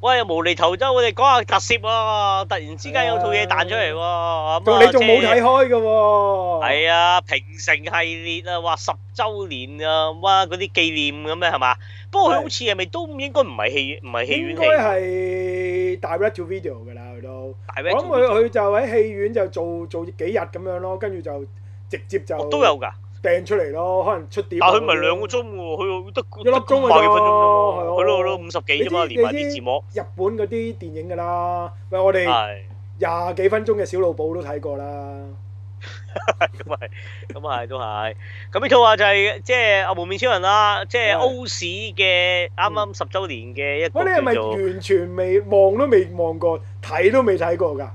喂，無厘頭啫！我哋講下特攝喎、啊，突然之間、哎、呀有套嘢彈出嚟喎、啊。嗯嗯、你仲冇睇開嘅喎？係啊、哎，平成系列啊，話十周年啊，哇！嗰啲紀念咁咩係嘛？不過佢好似係咪都應該唔係戲，戲院戲，唔係戲院嚟。應該係 Direct to Video 㗎啦，佢都。Direct to Video 咁佢佢就喺戲院就做做幾日咁樣咯，跟住就直接就。哦、都有㗎。掟出嚟咯，可能出碟。但佢唔係兩個鐘喎，佢得一個鐘幾分鐘咯。係咯係咯，五十幾啫嘛，連埋啲字幕。日本嗰啲電影㗎啦，喂，我哋廿幾分鐘嘅小魯寶都睇過啦。咁係，咁係，都係。咁呢套話就係即係《阿幪面超人》啦，即係 OOO 嘅啱啱十週年嘅一個。喂，你係咪完全未望都未望過，睇都未睇過㗎？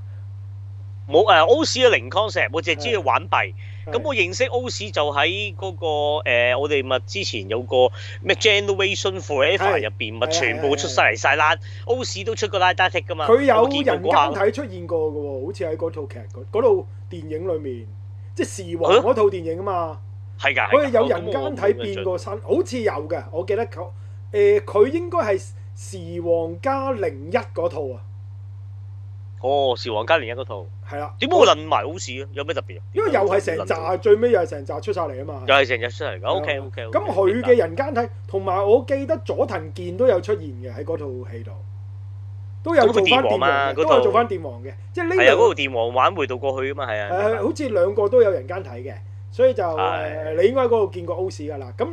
冇誒，OOO 嘅零 concept，我淨係知要玩幣。咁我認識歐史就喺嗰、嗰個、呃、我哋咪之前有個咩 Generation Forever 入邊，咪全部出晒嚟曬啦。歐史都出過拉丹踢㗎嘛。佢有人間體出現過㗎喎，好似喺嗰套劇嗰嗰度電影裏面，即係時王嗰套電影啊嘛。係㗎。佢有人間體變過身，好似有嘅。我記得佢佢、呃、應該係時王加零一嗰套啊。哦，時王加零一嗰套。係啦，點解會輪埋 OOO 有咩特別啊？因為又係成集，最尾又係成集出晒嚟啊嘛！又係成日出嚟噶，OK OK。咁佢嘅人間體，同埋我記得佐藤健都有出現嘅喺嗰套戲度，都有做翻電王，都有做翻電王嘅。即係呢度嗰度電王玩回到過去啊嘛。係啊，誒，好似兩個都有人間體嘅，所以就誒，你應該喺嗰度見過 OOO 噶啦。咁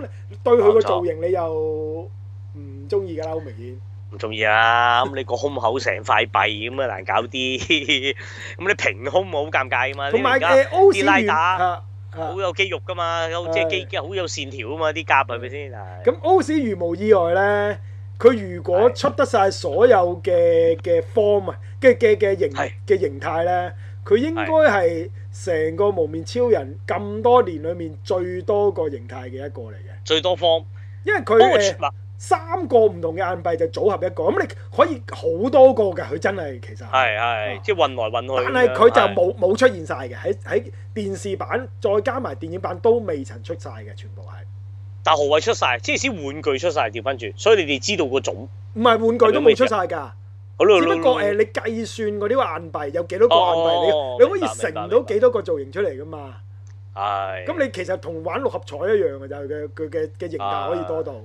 對佢個造型，你又唔中意噶啦，好明顯。唔中意啊！咁、嗯、你個胸口成塊幣咁啊，難搞啲。咁、 (laughs) 嗯、你平胸冇好尷尬噶、啊、嘛？同埋嘅 OOO 拉打、啊啊、好有肌肉噶嘛，即係肌肉好有線條噶嘛，啲甲係咪先？咁 OOO 如無意外咧，佢如果出得晒所有嘅嘅 form 啊，嘅嘅嘅形嘅形態咧，佢的應該係成個幪面超人咁多年裏面最多個形態嘅一個嚟嘅。最多 form，因為佢。嗯嗯三個唔同嘅硬幣就組合一個，咁你可以好多個㗎。佢真係其實係係即係運來運去。但係佢就冇冇出現晒嘅，喺喺電視版再加埋電影版都未曾出晒嘅，全部係。但係何謂出晒，即係先玩具出晒調翻轉，所以你哋知道個種。唔係玩具都冇出晒㗎，只不過誒，你計算嗰啲硬幣有幾多個硬幣，你你可以成到幾多個造型出嚟㗎嘛？係。咁你其實同玩六合彩一樣嘅就係佢嘅嘅嘅形態可以多到。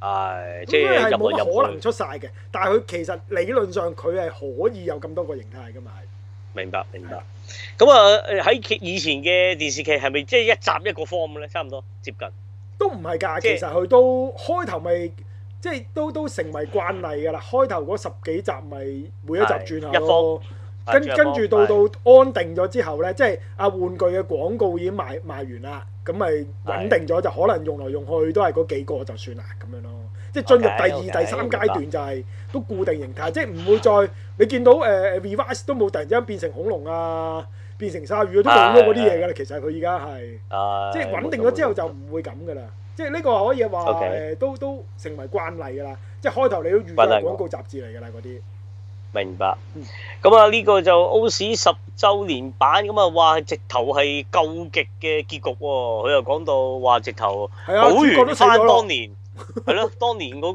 係，哎、即係是冇可能出晒嘅。但係佢其實理論上佢係可以有咁多個形態噶嘛。明白，明白。咁啊的，喺以前嘅電視劇係咪即係一集一個 form 咧？差唔多接近。都唔係噶，即其實佢都開頭咪即係都都成為慣例噶啦。開頭嗰十幾集咪每一集轉下咯。跟跟住到到安定咗之後咧，即係阿玩具嘅廣告已經賣賣完啦，咁咪穩定咗是的 就可能用來用去都係嗰幾個就算啦咁樣咯，即係進入第二 okay，okay，第三階段就係都固定形態，白即係唔會再你見到誒、呃、revise 都冇突然之間變成恐龍啊，變成鯊魚啊，都冇咗嗰啲嘢噶啦，是的 其實佢而家係，是的 即係穩定咗之後就唔會咁噶啦，即係呢個可以話誒 okay, 都都成為慣例噶啦，即係開頭你都預咗廣告雜誌嚟噶啦嗰啲。明白，咁啊呢個就《OOO 十周年版》，咁啊話直頭係究極嘅結局喎、哦，佢又講到話直頭補完翻當年，係咯、啊， (laughs) 當年嗰、那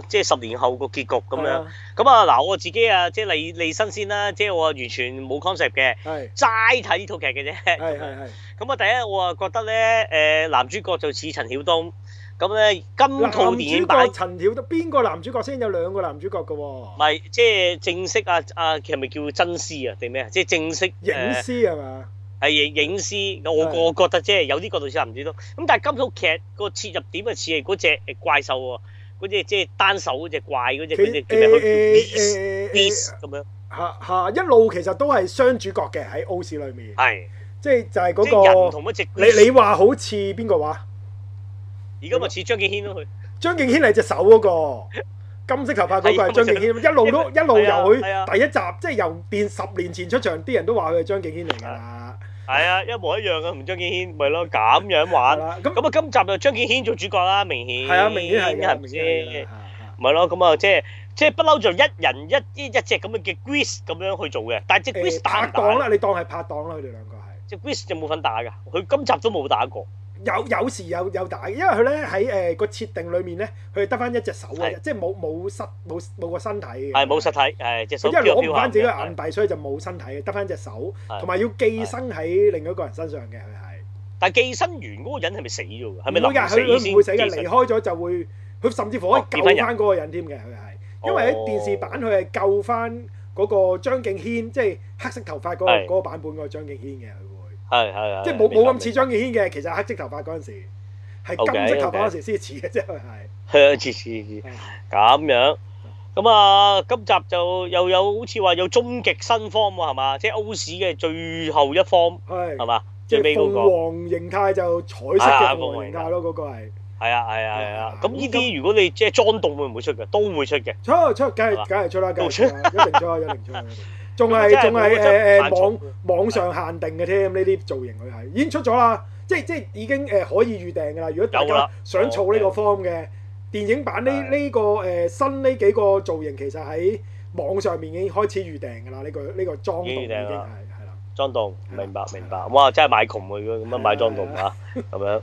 個即係十年後個結局咁樣。咁啊嗱、啊，我自己啊即係嚟嚟新鮮啦，即係我完全冇 concept 嘅，齋睇呢套劇嘅啫。係係係。咁啊、嗯嗯，第一我啊覺得咧，誒、呃、男主角就似陳曉東。咁咧，金套電影版陳曉都邊個男主角先？有兩個男主角嘅喎？唔係，即係正式啊啊係咪叫真師啊定咩啊？即係正式影師係嘛？係影影師，我我覺得即係有啲角度似男主角。咁但係金套劇個切入點啊似係嗰隻怪獸喎，嗰隻即係單手嗰隻怪嗰隻嗰隻叫咩？咁樣嚇嚇一路其實都係雙主角嘅喺 OOO 裏面，係即係就係嗰個人你你話好似邊個話？而家咪似張敬軒咯，佢張敬軒係隻手嗰個金色頭髮嗰個係張敬軒，一路都一路由佢第一集即係由變十年前出場，啲人都話佢係張敬軒嚟㗎。係啊，一模一樣啊，同張敬軒咪咯，咁樣玩。咁咁啊，今集就張敬軒做主角啦，明顯係啊，明顯係咪先？係啊係啊，咪咯，咁啊，即係即係不嬲就一人一一隻咁嘅叫 Greeed 咁樣去做嘅。但係即 Greeed 打檔啦，你當係拍檔啦，佢哋兩個係。即 Greeed 就冇份打㗎，佢今集都冇打過。有有時有有打，因為佢咧喺誒個設定裏面咧，佢係得翻一隻手嘅，的即係冇冇身冇冇個身體嘅。係冇的實體，係隻手喺度飄下。因為攞唔翻自己嘅硬幣，所以就冇身體嘅，得翻隻手，同埋的要寄生喺另一個人身上嘅，佢係。但係寄生完嗰個人係咪死咗？係咪？嗰日佢唔會死嘅，離開咗就會，佢甚至乎可以救翻嗰個人添嘅，佢係。因為喺電視版佢係救翻嗰個張敬軒，即係、哦、黑色頭髮嗰、嗰個嗰、嗰個版本嗰個張敬軒嘅。係係，即係冇冇咁似張敬軒嘅，其實黑色頭髮嗰陣時，係金色頭髮嗰陣時先似嘅，啫。佢係。係，似似似。咁樣，咁啊，今集就又有好似話有終極新方喎，係嘛？即係歐市嘅最後一方，係，係嘛？最尾嗰個。鳳凰形態就彩色嘅鳳凰形態咯，嗰個係。係啊係啊係啊，咁呢啲如果你即係裝棟會唔會出嘅？都會出嘅。出出，梗係梗係出啦，梗係出，一定出，一定出。 (laughs) 仲係仲係誒誒網網上限定嘅添，呢啲造型佢係已經出咗啦，即係即係已經誒可以預訂㗎喇。如果大家想儲呢個 form 嘅電影版呢呢個誒新呢幾個造型，其實喺網上面已經開始預訂㗎喇。呢個呢個裝動已經預訂啦，係啦。裝動明白明白，哇！真係買窮佢嘅咁啊買裝動嚇咁樣。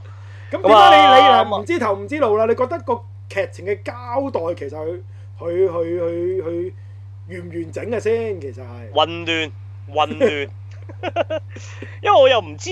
咁點解你你嗱唔知頭唔知路啦？你覺得個劇情嘅交代其實佢佢佢佢佢？完唔完整嘅先，其實係混亂，混亂， (laughs) (laughs) 因為我又唔知，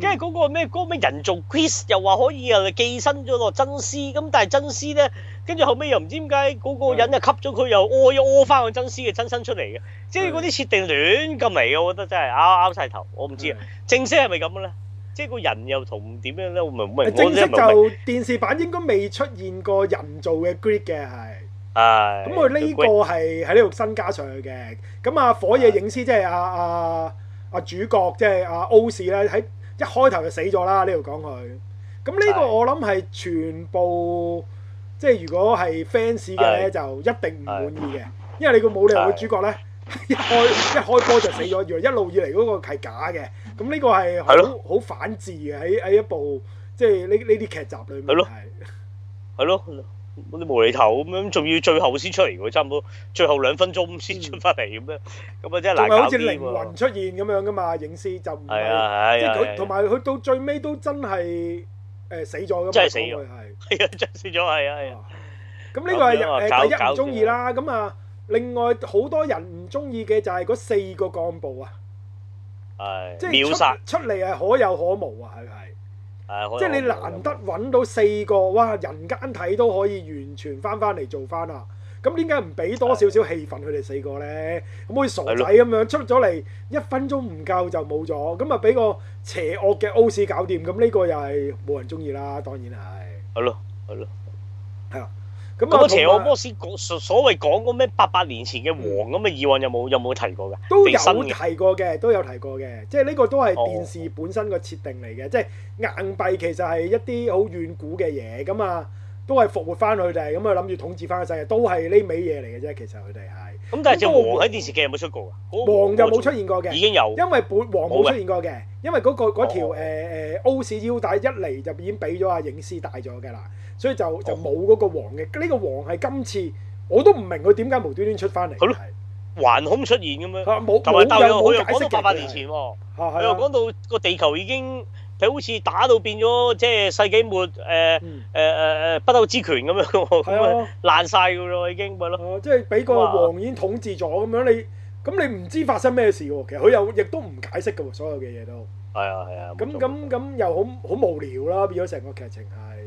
跟住嗰個咩嗰、嗰個咩人造 Greeed 又話可以寄又寄生咗落真絲，咁但係真絲咧，跟住後尾又唔知點解嗰個人吸是的 又吸咗佢又屙又屙翻個真絲嘅真身出嚟嘅，是的 即係嗰啲設定亂咁嚟嘅，我覺得真係拗拗晒頭，我唔知啊，是的 正式係咪咁嘅咧？即係個人又同點樣咧？我唔係好明，我唔明。正式就，正式就電視版應該未出現過人造嘅 Greeed 嘅係。咁佢呢個係喺呢度新加上去嘅。咁啊，火野映司即係阿阿阿主角，即係阿 O 氏咧，喺一開頭就死咗啦。呢度講佢。咁呢個我諗係全部，即係如果係 fans 嘅咧就一定唔滿意嘅，因為你個冇理由個主角咧一開一開波就死咗，原來一路以嚟嗰個係假嘅。咁呢個係好好反智嘅，喺喺一部即係呢呢啲劇集裏面係係咯。嗰啲無厘頭咁樣，仲要最後先出嚟喎，差唔多最後兩分鐘先出翻嚟咁樣，咁啊真係難搞，好似靈魂出現咁樣噶嘛，影視就唔係。即係佢同埋佢到最尾都真係誒死咗噶嘛。真係死咗係。係啊，真係死咗係啊。咁呢個係誒第一唔中意啦。咁啊，另外好多人唔中意嘅就係嗰四個幹部啊。係。即係秒殺出嚟係可有可無啊，係係。啊、即係你難得揾到四個，嗯、哇！人間體都可以完全翻翻嚟做翻啦。咁點解唔俾多少少戲份佢哋四個呢？咁好似傻仔咁樣的出咗嚟一分鐘唔夠就冇咗。咁啊，俾個邪惡嘅奧斯搞掂。咁呢個又係冇人中意啦，當然係。好咯，好咯，係。咁，邪惡魔師講所所謂講嗰咩八百年前嘅王，咁嘅疑問有冇有冇提過嘅？都有提過嘅，都有提過嘅，即係呢個都係電視本身個設定嚟嘅。哦、即係硬幣其實係一啲好遠古嘅嘢咁啊，都係復活翻佢哋咁啊，諗住統治翻個世界都係呢味嘢嚟嘅啫。其實佢哋係。咁但係即王喺電視劇有冇出過啊？王就冇出現過嘅，已經有。因為本王冇出現過嘅，了因為嗰、嗰個嗰條誒、哦哦、歐式腰帶一嚟就已經俾咗阿影師戴咗嘅啦。所以就就冇嗰個王嘅，呢個王係今次我都唔明佢點解無端端出翻嚟。好咯，橫空出現咁樣。係啊，冇冇有冇解釋？八百年前喎，佢又講到個地球已經佢好似打到變咗，即係世紀末誒誒誒誒北斗之拳咁樣喎。係啊，爛曬㗎咯，已經咪咯。即係俾個王已經統治咗咁樣你，咁你唔知發生咩事喎？其實佢又亦都唔解釋嘅，所有嘅嘢都。係啊係啊。咁咁咁又好好無聊啦，變咗成個劇情係。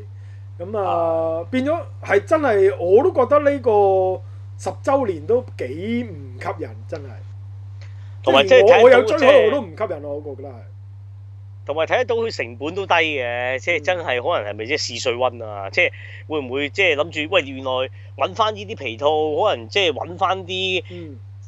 咁、嗯、啊，變咗係真係，我都覺得呢個十周年都幾唔吸引，真係。同埋即係睇我有追嗰套都唔吸引啊，嗰個梗係。同埋睇得到佢成本都低嘅，嗯、即係真係可能係咪即係試水溫啊？即係會唔會即係諗住喂？原來揾翻呢啲皮套，可能、嗯、即係揾翻啲，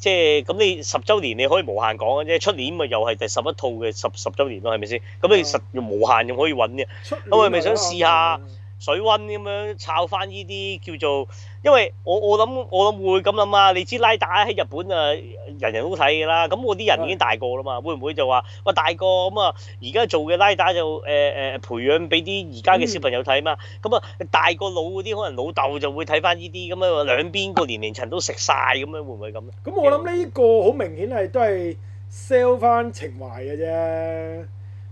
即係咁你十周年你可以無限講嘅啫。出年咪又係第十一套嘅十十周年咯，係咪先？咁你實用無限咁可以揾嘅，咁係咪想試下？嗯水溫咁樣炒翻呢啲叫做，因為我我諗我諗會咁諗啊！你知拉打喺日本啊，人人都睇嘅啦。咁我啲人已經大個啦嘛，是的 會唔會就話喂、呃，大個咁啊？而家做嘅拉打就誒誒、呃、培養俾啲而家嘅小朋友睇嘛。咁啊、嗯、大個老嗰啲可能老豆就會睇翻呢啲咁樣，兩邊個年齡層都食晒咁樣，會唔會咁咧？咁我諗呢個好明顯係都係 sell 翻情懷嘅啫，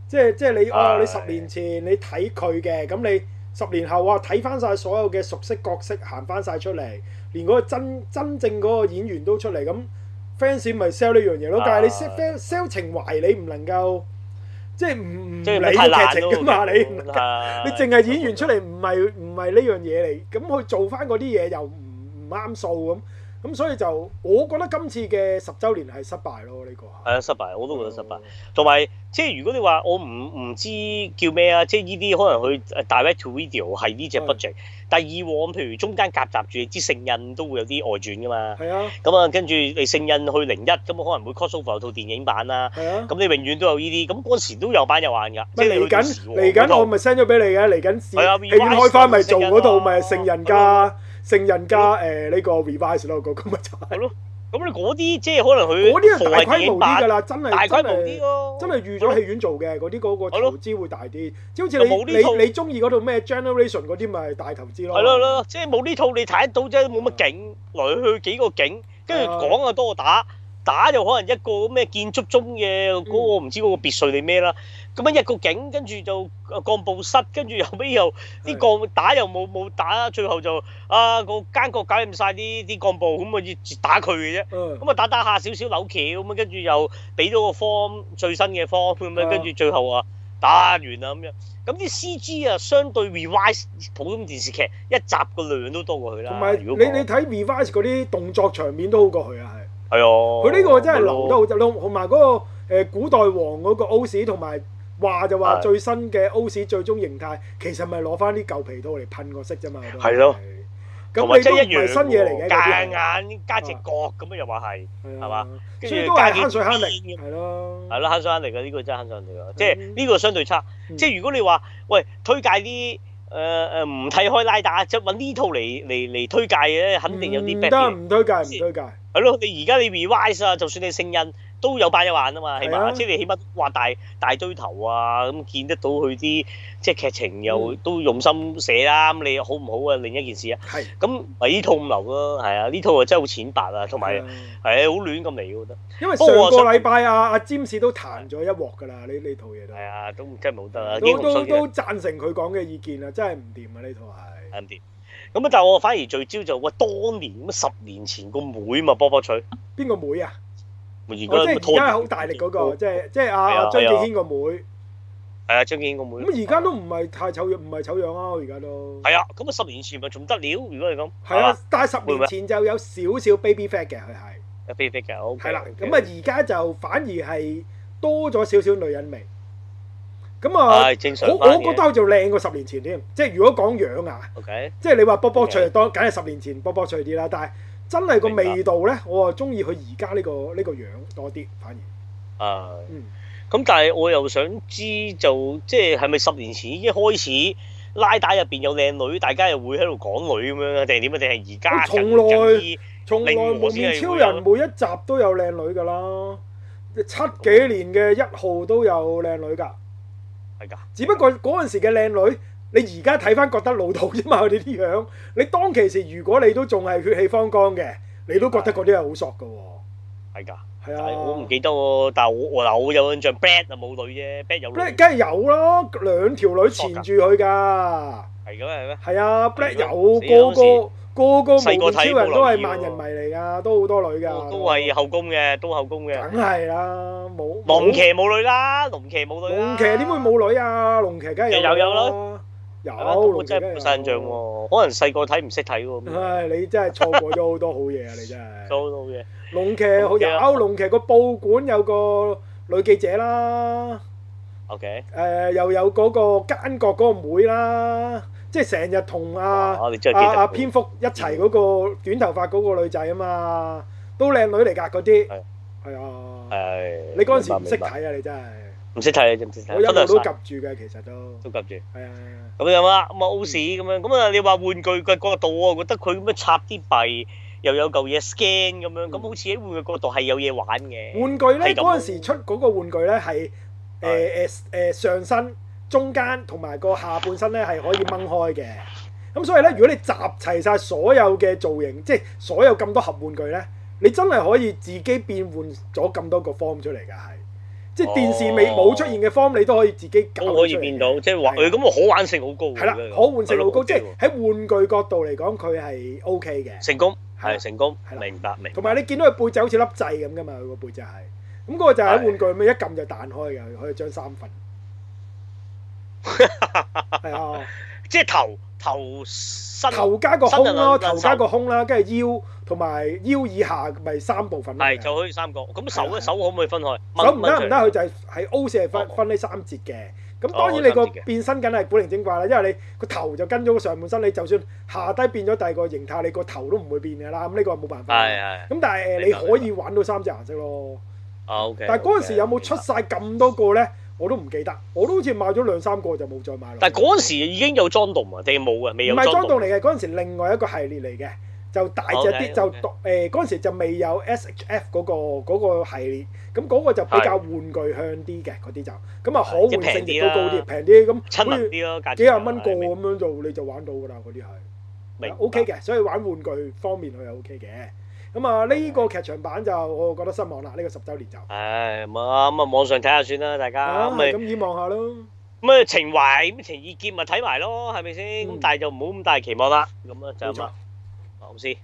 即係即係你哦，你十年前你睇佢嘅，咁你。十年後啊，睇翻晒所有嘅熟悉角色行翻晒出嚟，連嗰個真真正嗰個演員都出嚟，咁 fans 咪 sell 呢樣嘢咯？啊、但係你 sell、啊、情懷，你唔能夠即係唔唔理啲劇情㗎嘛？啊、你唔能、啊、你淨係演員出嚟，唔係唔係呢樣嘢嚟，咁佢做翻嗰啲嘢又唔唔啱數咁。咁所以就，我覺得今次嘅十週年係失敗咯，呢個係啊失敗，我都覺得失敗。同埋即係如果你話我唔唔知叫咩啊，即係依啲可能去 direct to video 係呢隻 budget，但係以往譬如中間夾雜住啲聖刃都會有啲外傳噶嘛。係啊。咁啊，跟住你聖刃去零一，咁可能會 crossover 有套電影版啦。係啊。咁你永遠都有依啲，咁嗰時都有班人玩㗎。即係嚟緊嚟緊，我咪 send 咗俾你嘅。嚟緊影院開翻，咪做嗰度咪聖刃㗎。成人架誒呢個 revise 咯，個咁咪就係咯。咁你嗰啲即係可能佢嗰啲大規模啲㗎啦，真係大規模啲咯，真係預咗戲院做嘅嗰啲嗰個投資會大啲。即好似你冇呢套，你中意嗰套咩 generation 嗰啲咪大投資咯。係咯，即係冇呢套你睇得到即係冇乜景來去幾個景，跟住講啊多打打就可能一個咩建築中嘅嗰個唔知嗰個別墅定咩啦。咁樣一個景，跟住就幹部室，跟住後尾又啲幹部打又冇冇打，最後就啊個奸角搞掂晒啲啲幹部，咁啊要打佢嘅啫。咁啊、嗯、打打下少少扭橋，咁啊跟住又俾咗個 form 最新嘅 form 咁啊，跟住最後啊打完啦咁樣。咁啲 CG 啊，相對 revised 普通電視劇一集個量都多過佢啦。同埋有你你睇 revised 嗰啲動作場面都好過佢啊，係。係咯的。佢呢個真係流得好，同埋嗰個、嗰個、古代王嗰個奧斯同埋。話就話最新嘅 O 市最終形態，其實咪攞翻啲舊皮套嚟噴個色啫嘛。係咯，咁你都唔係新嘢嚟嘅，硬硬加直角咁啊，又話係，係嘛？跟住加幾多邊？係咯，係咯，慳水慳力嘅，呢個真係慳水慳力嘅，即係呢個相對差。即係如果你話喂推介啲誒誒唔睇開拉打，即係呢套嚟嚟嚟推介嘅，肯定有啲唔得，唔推介，唔推介。係咯，你而家你 r e v i s e 啊，就算你聲音。 (music) 都有百一玩啊嘛，啊起碼即你起碼話大大堆頭啊，咁見得到佢啲即係劇情又、嗯、都用心寫啦，啊。咁你好唔好啊？另一件事啊，係咁是，係呢套唔留咯，係啊，呢套啊真係好淺白啊，同埋係好亂咁嚟，我覺得。因為上個禮拜阿阿占士都彈咗一鑊㗎啦，呢呢、啊、這套嘢都係、嗯、啊，都真係冇得。都都都贊成佢講嘅意見啊，真係唔掂啊！呢套係唔掂。咁啊，就我反而聚焦就哇，多年乜十年前個妹嘛，波波娶邊個妹啊？即係而家好大力嗰個即係即係阿張敬軒個妹，係啊，張敬軒個妹。咁而家都唔係太醜樣，唔係醜樣啊！我而家都係啊。咁啊，十年前咪仲得了？如果係咁，係啊。但係十年前就有少少 baby fat 嘅，佢係有 baby fat 嘅。O K 啦，咁啊，而家就反而係多咗少少女人味。咁啊，正常我我覺得就靚過十年前添。即係如果講樣啊，O K，即係你話卜卜脆，當梗係十年前卜卜脆啲啦。但係。真係個味道呢，的我啊中意佢而家呢個呢、呢個樣多啲，反而。誒、啊、咁、嗯、但係我又想知，就即係係咪十年前已經開始拉打入邊有靚女，大家又會喺度講女咁樣定係點啊？定係而家？從來從來幪面超人每一集都有靚女㗎啦，七幾年嘅一號都有靚女㗎，係㗎的。只不過嗰陣時嘅靚女。你而家睇翻覺得老土啫嘛？佢哋啲樣，你當其時如果你都仲係血氣方剛嘅，你都覺得嗰啲係好索㗎喎。係㗎。係啊。我唔記得喎，但係我嗱，我有印象，Black 就冇女啫。Black 有。梗係有咯，兩條女纏住佢㗎。係噉，係咩？係啊，Black 有個個個個每個超人都係萬人迷嚟㗎，都好多女㗎。都係後宮嘅，都後宮嘅。梗係啦，冇龍騎冇女啦，龍騎冇女。龍騎點會冇女啊？龍騎梗係有。有有女。有啊！我真係冇曬印象喎，可能細個睇唔識睇喎。唉，你真係錯過咗好多好嘢啊！你真係錯過好多好嘢。龍騎，好啊！搞龍騎個報館有個女記者啦。OK。誒，又有嗰個奸角嗰個妹啦，即係成日同阿阿蝙蝠一齊嗰個短頭髮嗰個女仔啊嘛，都靚女嚟㗎嗰啲，係啊。係。你嗰陣時唔識睇啊！你真係。唔識睇啊！真係都冇夾住嘅，其實都都夾住。係啊，咁又乜冇事咁樣咁啊？你話玩具嘅角度，我覺得佢咁樣插啲幣，又有嚿嘢 scan 咁樣，咁、嗯、好似喺玩具角度係有嘢玩嘅。玩具咧嗰陣時出嗰個玩具咧係誒誒誒上身、中間同埋個下半身咧係可以掹開嘅。咁所以咧，如果你集齊晒所有嘅造型，即係所有咁多盒玩具咧，你真係可以自己變換咗咁多個 form 出嚟嘅係。即係電視未冇出現嘅方，你都可以自己搞出嚟可以見到，即係玩咁，我可玩性好高。係啦，可玩性好高，即係喺玩具角度嚟講，佢係 OK 嘅。成功係成功，明白明。同埋你見到佢背脊好似粒掣咁㗎嘛？佢個背脊係咁，嗰個就係喺玩具，咪一撳就彈開嘅，可以將三分。係啊，即係頭頭。頭加個胸咯，頭加個胸啦，跟住腰同埋腰以下咪三部分咯。係，就可以三個。咁手咧，手可唔可以分開？手唔得唔得，佢就係係 O 成，分分呢三節嘅。咁當然你個變身緊係古靈精怪啦，因為你個頭就跟咗個上半身，你就算下低變咗第二個形態，你個頭都唔會變嘅啦。咁呢個係冇辦法。係咁，但係你可以玩到三隻顏色咯。啊，OK。但係嗰陣時有冇出晒咁多個咧？我都唔記得，我都好似買咗兩三個就冇再買落。但係嗰陣時已經有裝動啊，定冇嘅未有裝動嚟嘅。嗰陣時另外一個系列嚟嘅，就大隻啲，就誒嗰陣時就未有 SHF 嗰個嗰個系列。咁嗰個就比較玩具向啲嘅，嗰啲就咁啊可玩性亦都高啲，平啲咁親民啲咯，價錢。幾廿蚊個咁樣就你就玩到㗎啦，嗰啲係明 OK 嘅，所以玩玩具方面佢係 OK 嘅。咁啊，呢個劇場版就我覺得失望啦，呢個十週年就。唉、哎，冇啊，咁啊，網上睇下算啦，大家咁咪咁以望下咯。咁啊，情懷咁情意結咪睇埋咯，係咪先？咁、嗯、但係就唔好咁大期望啦。咁啊，就唔錯好失望。唔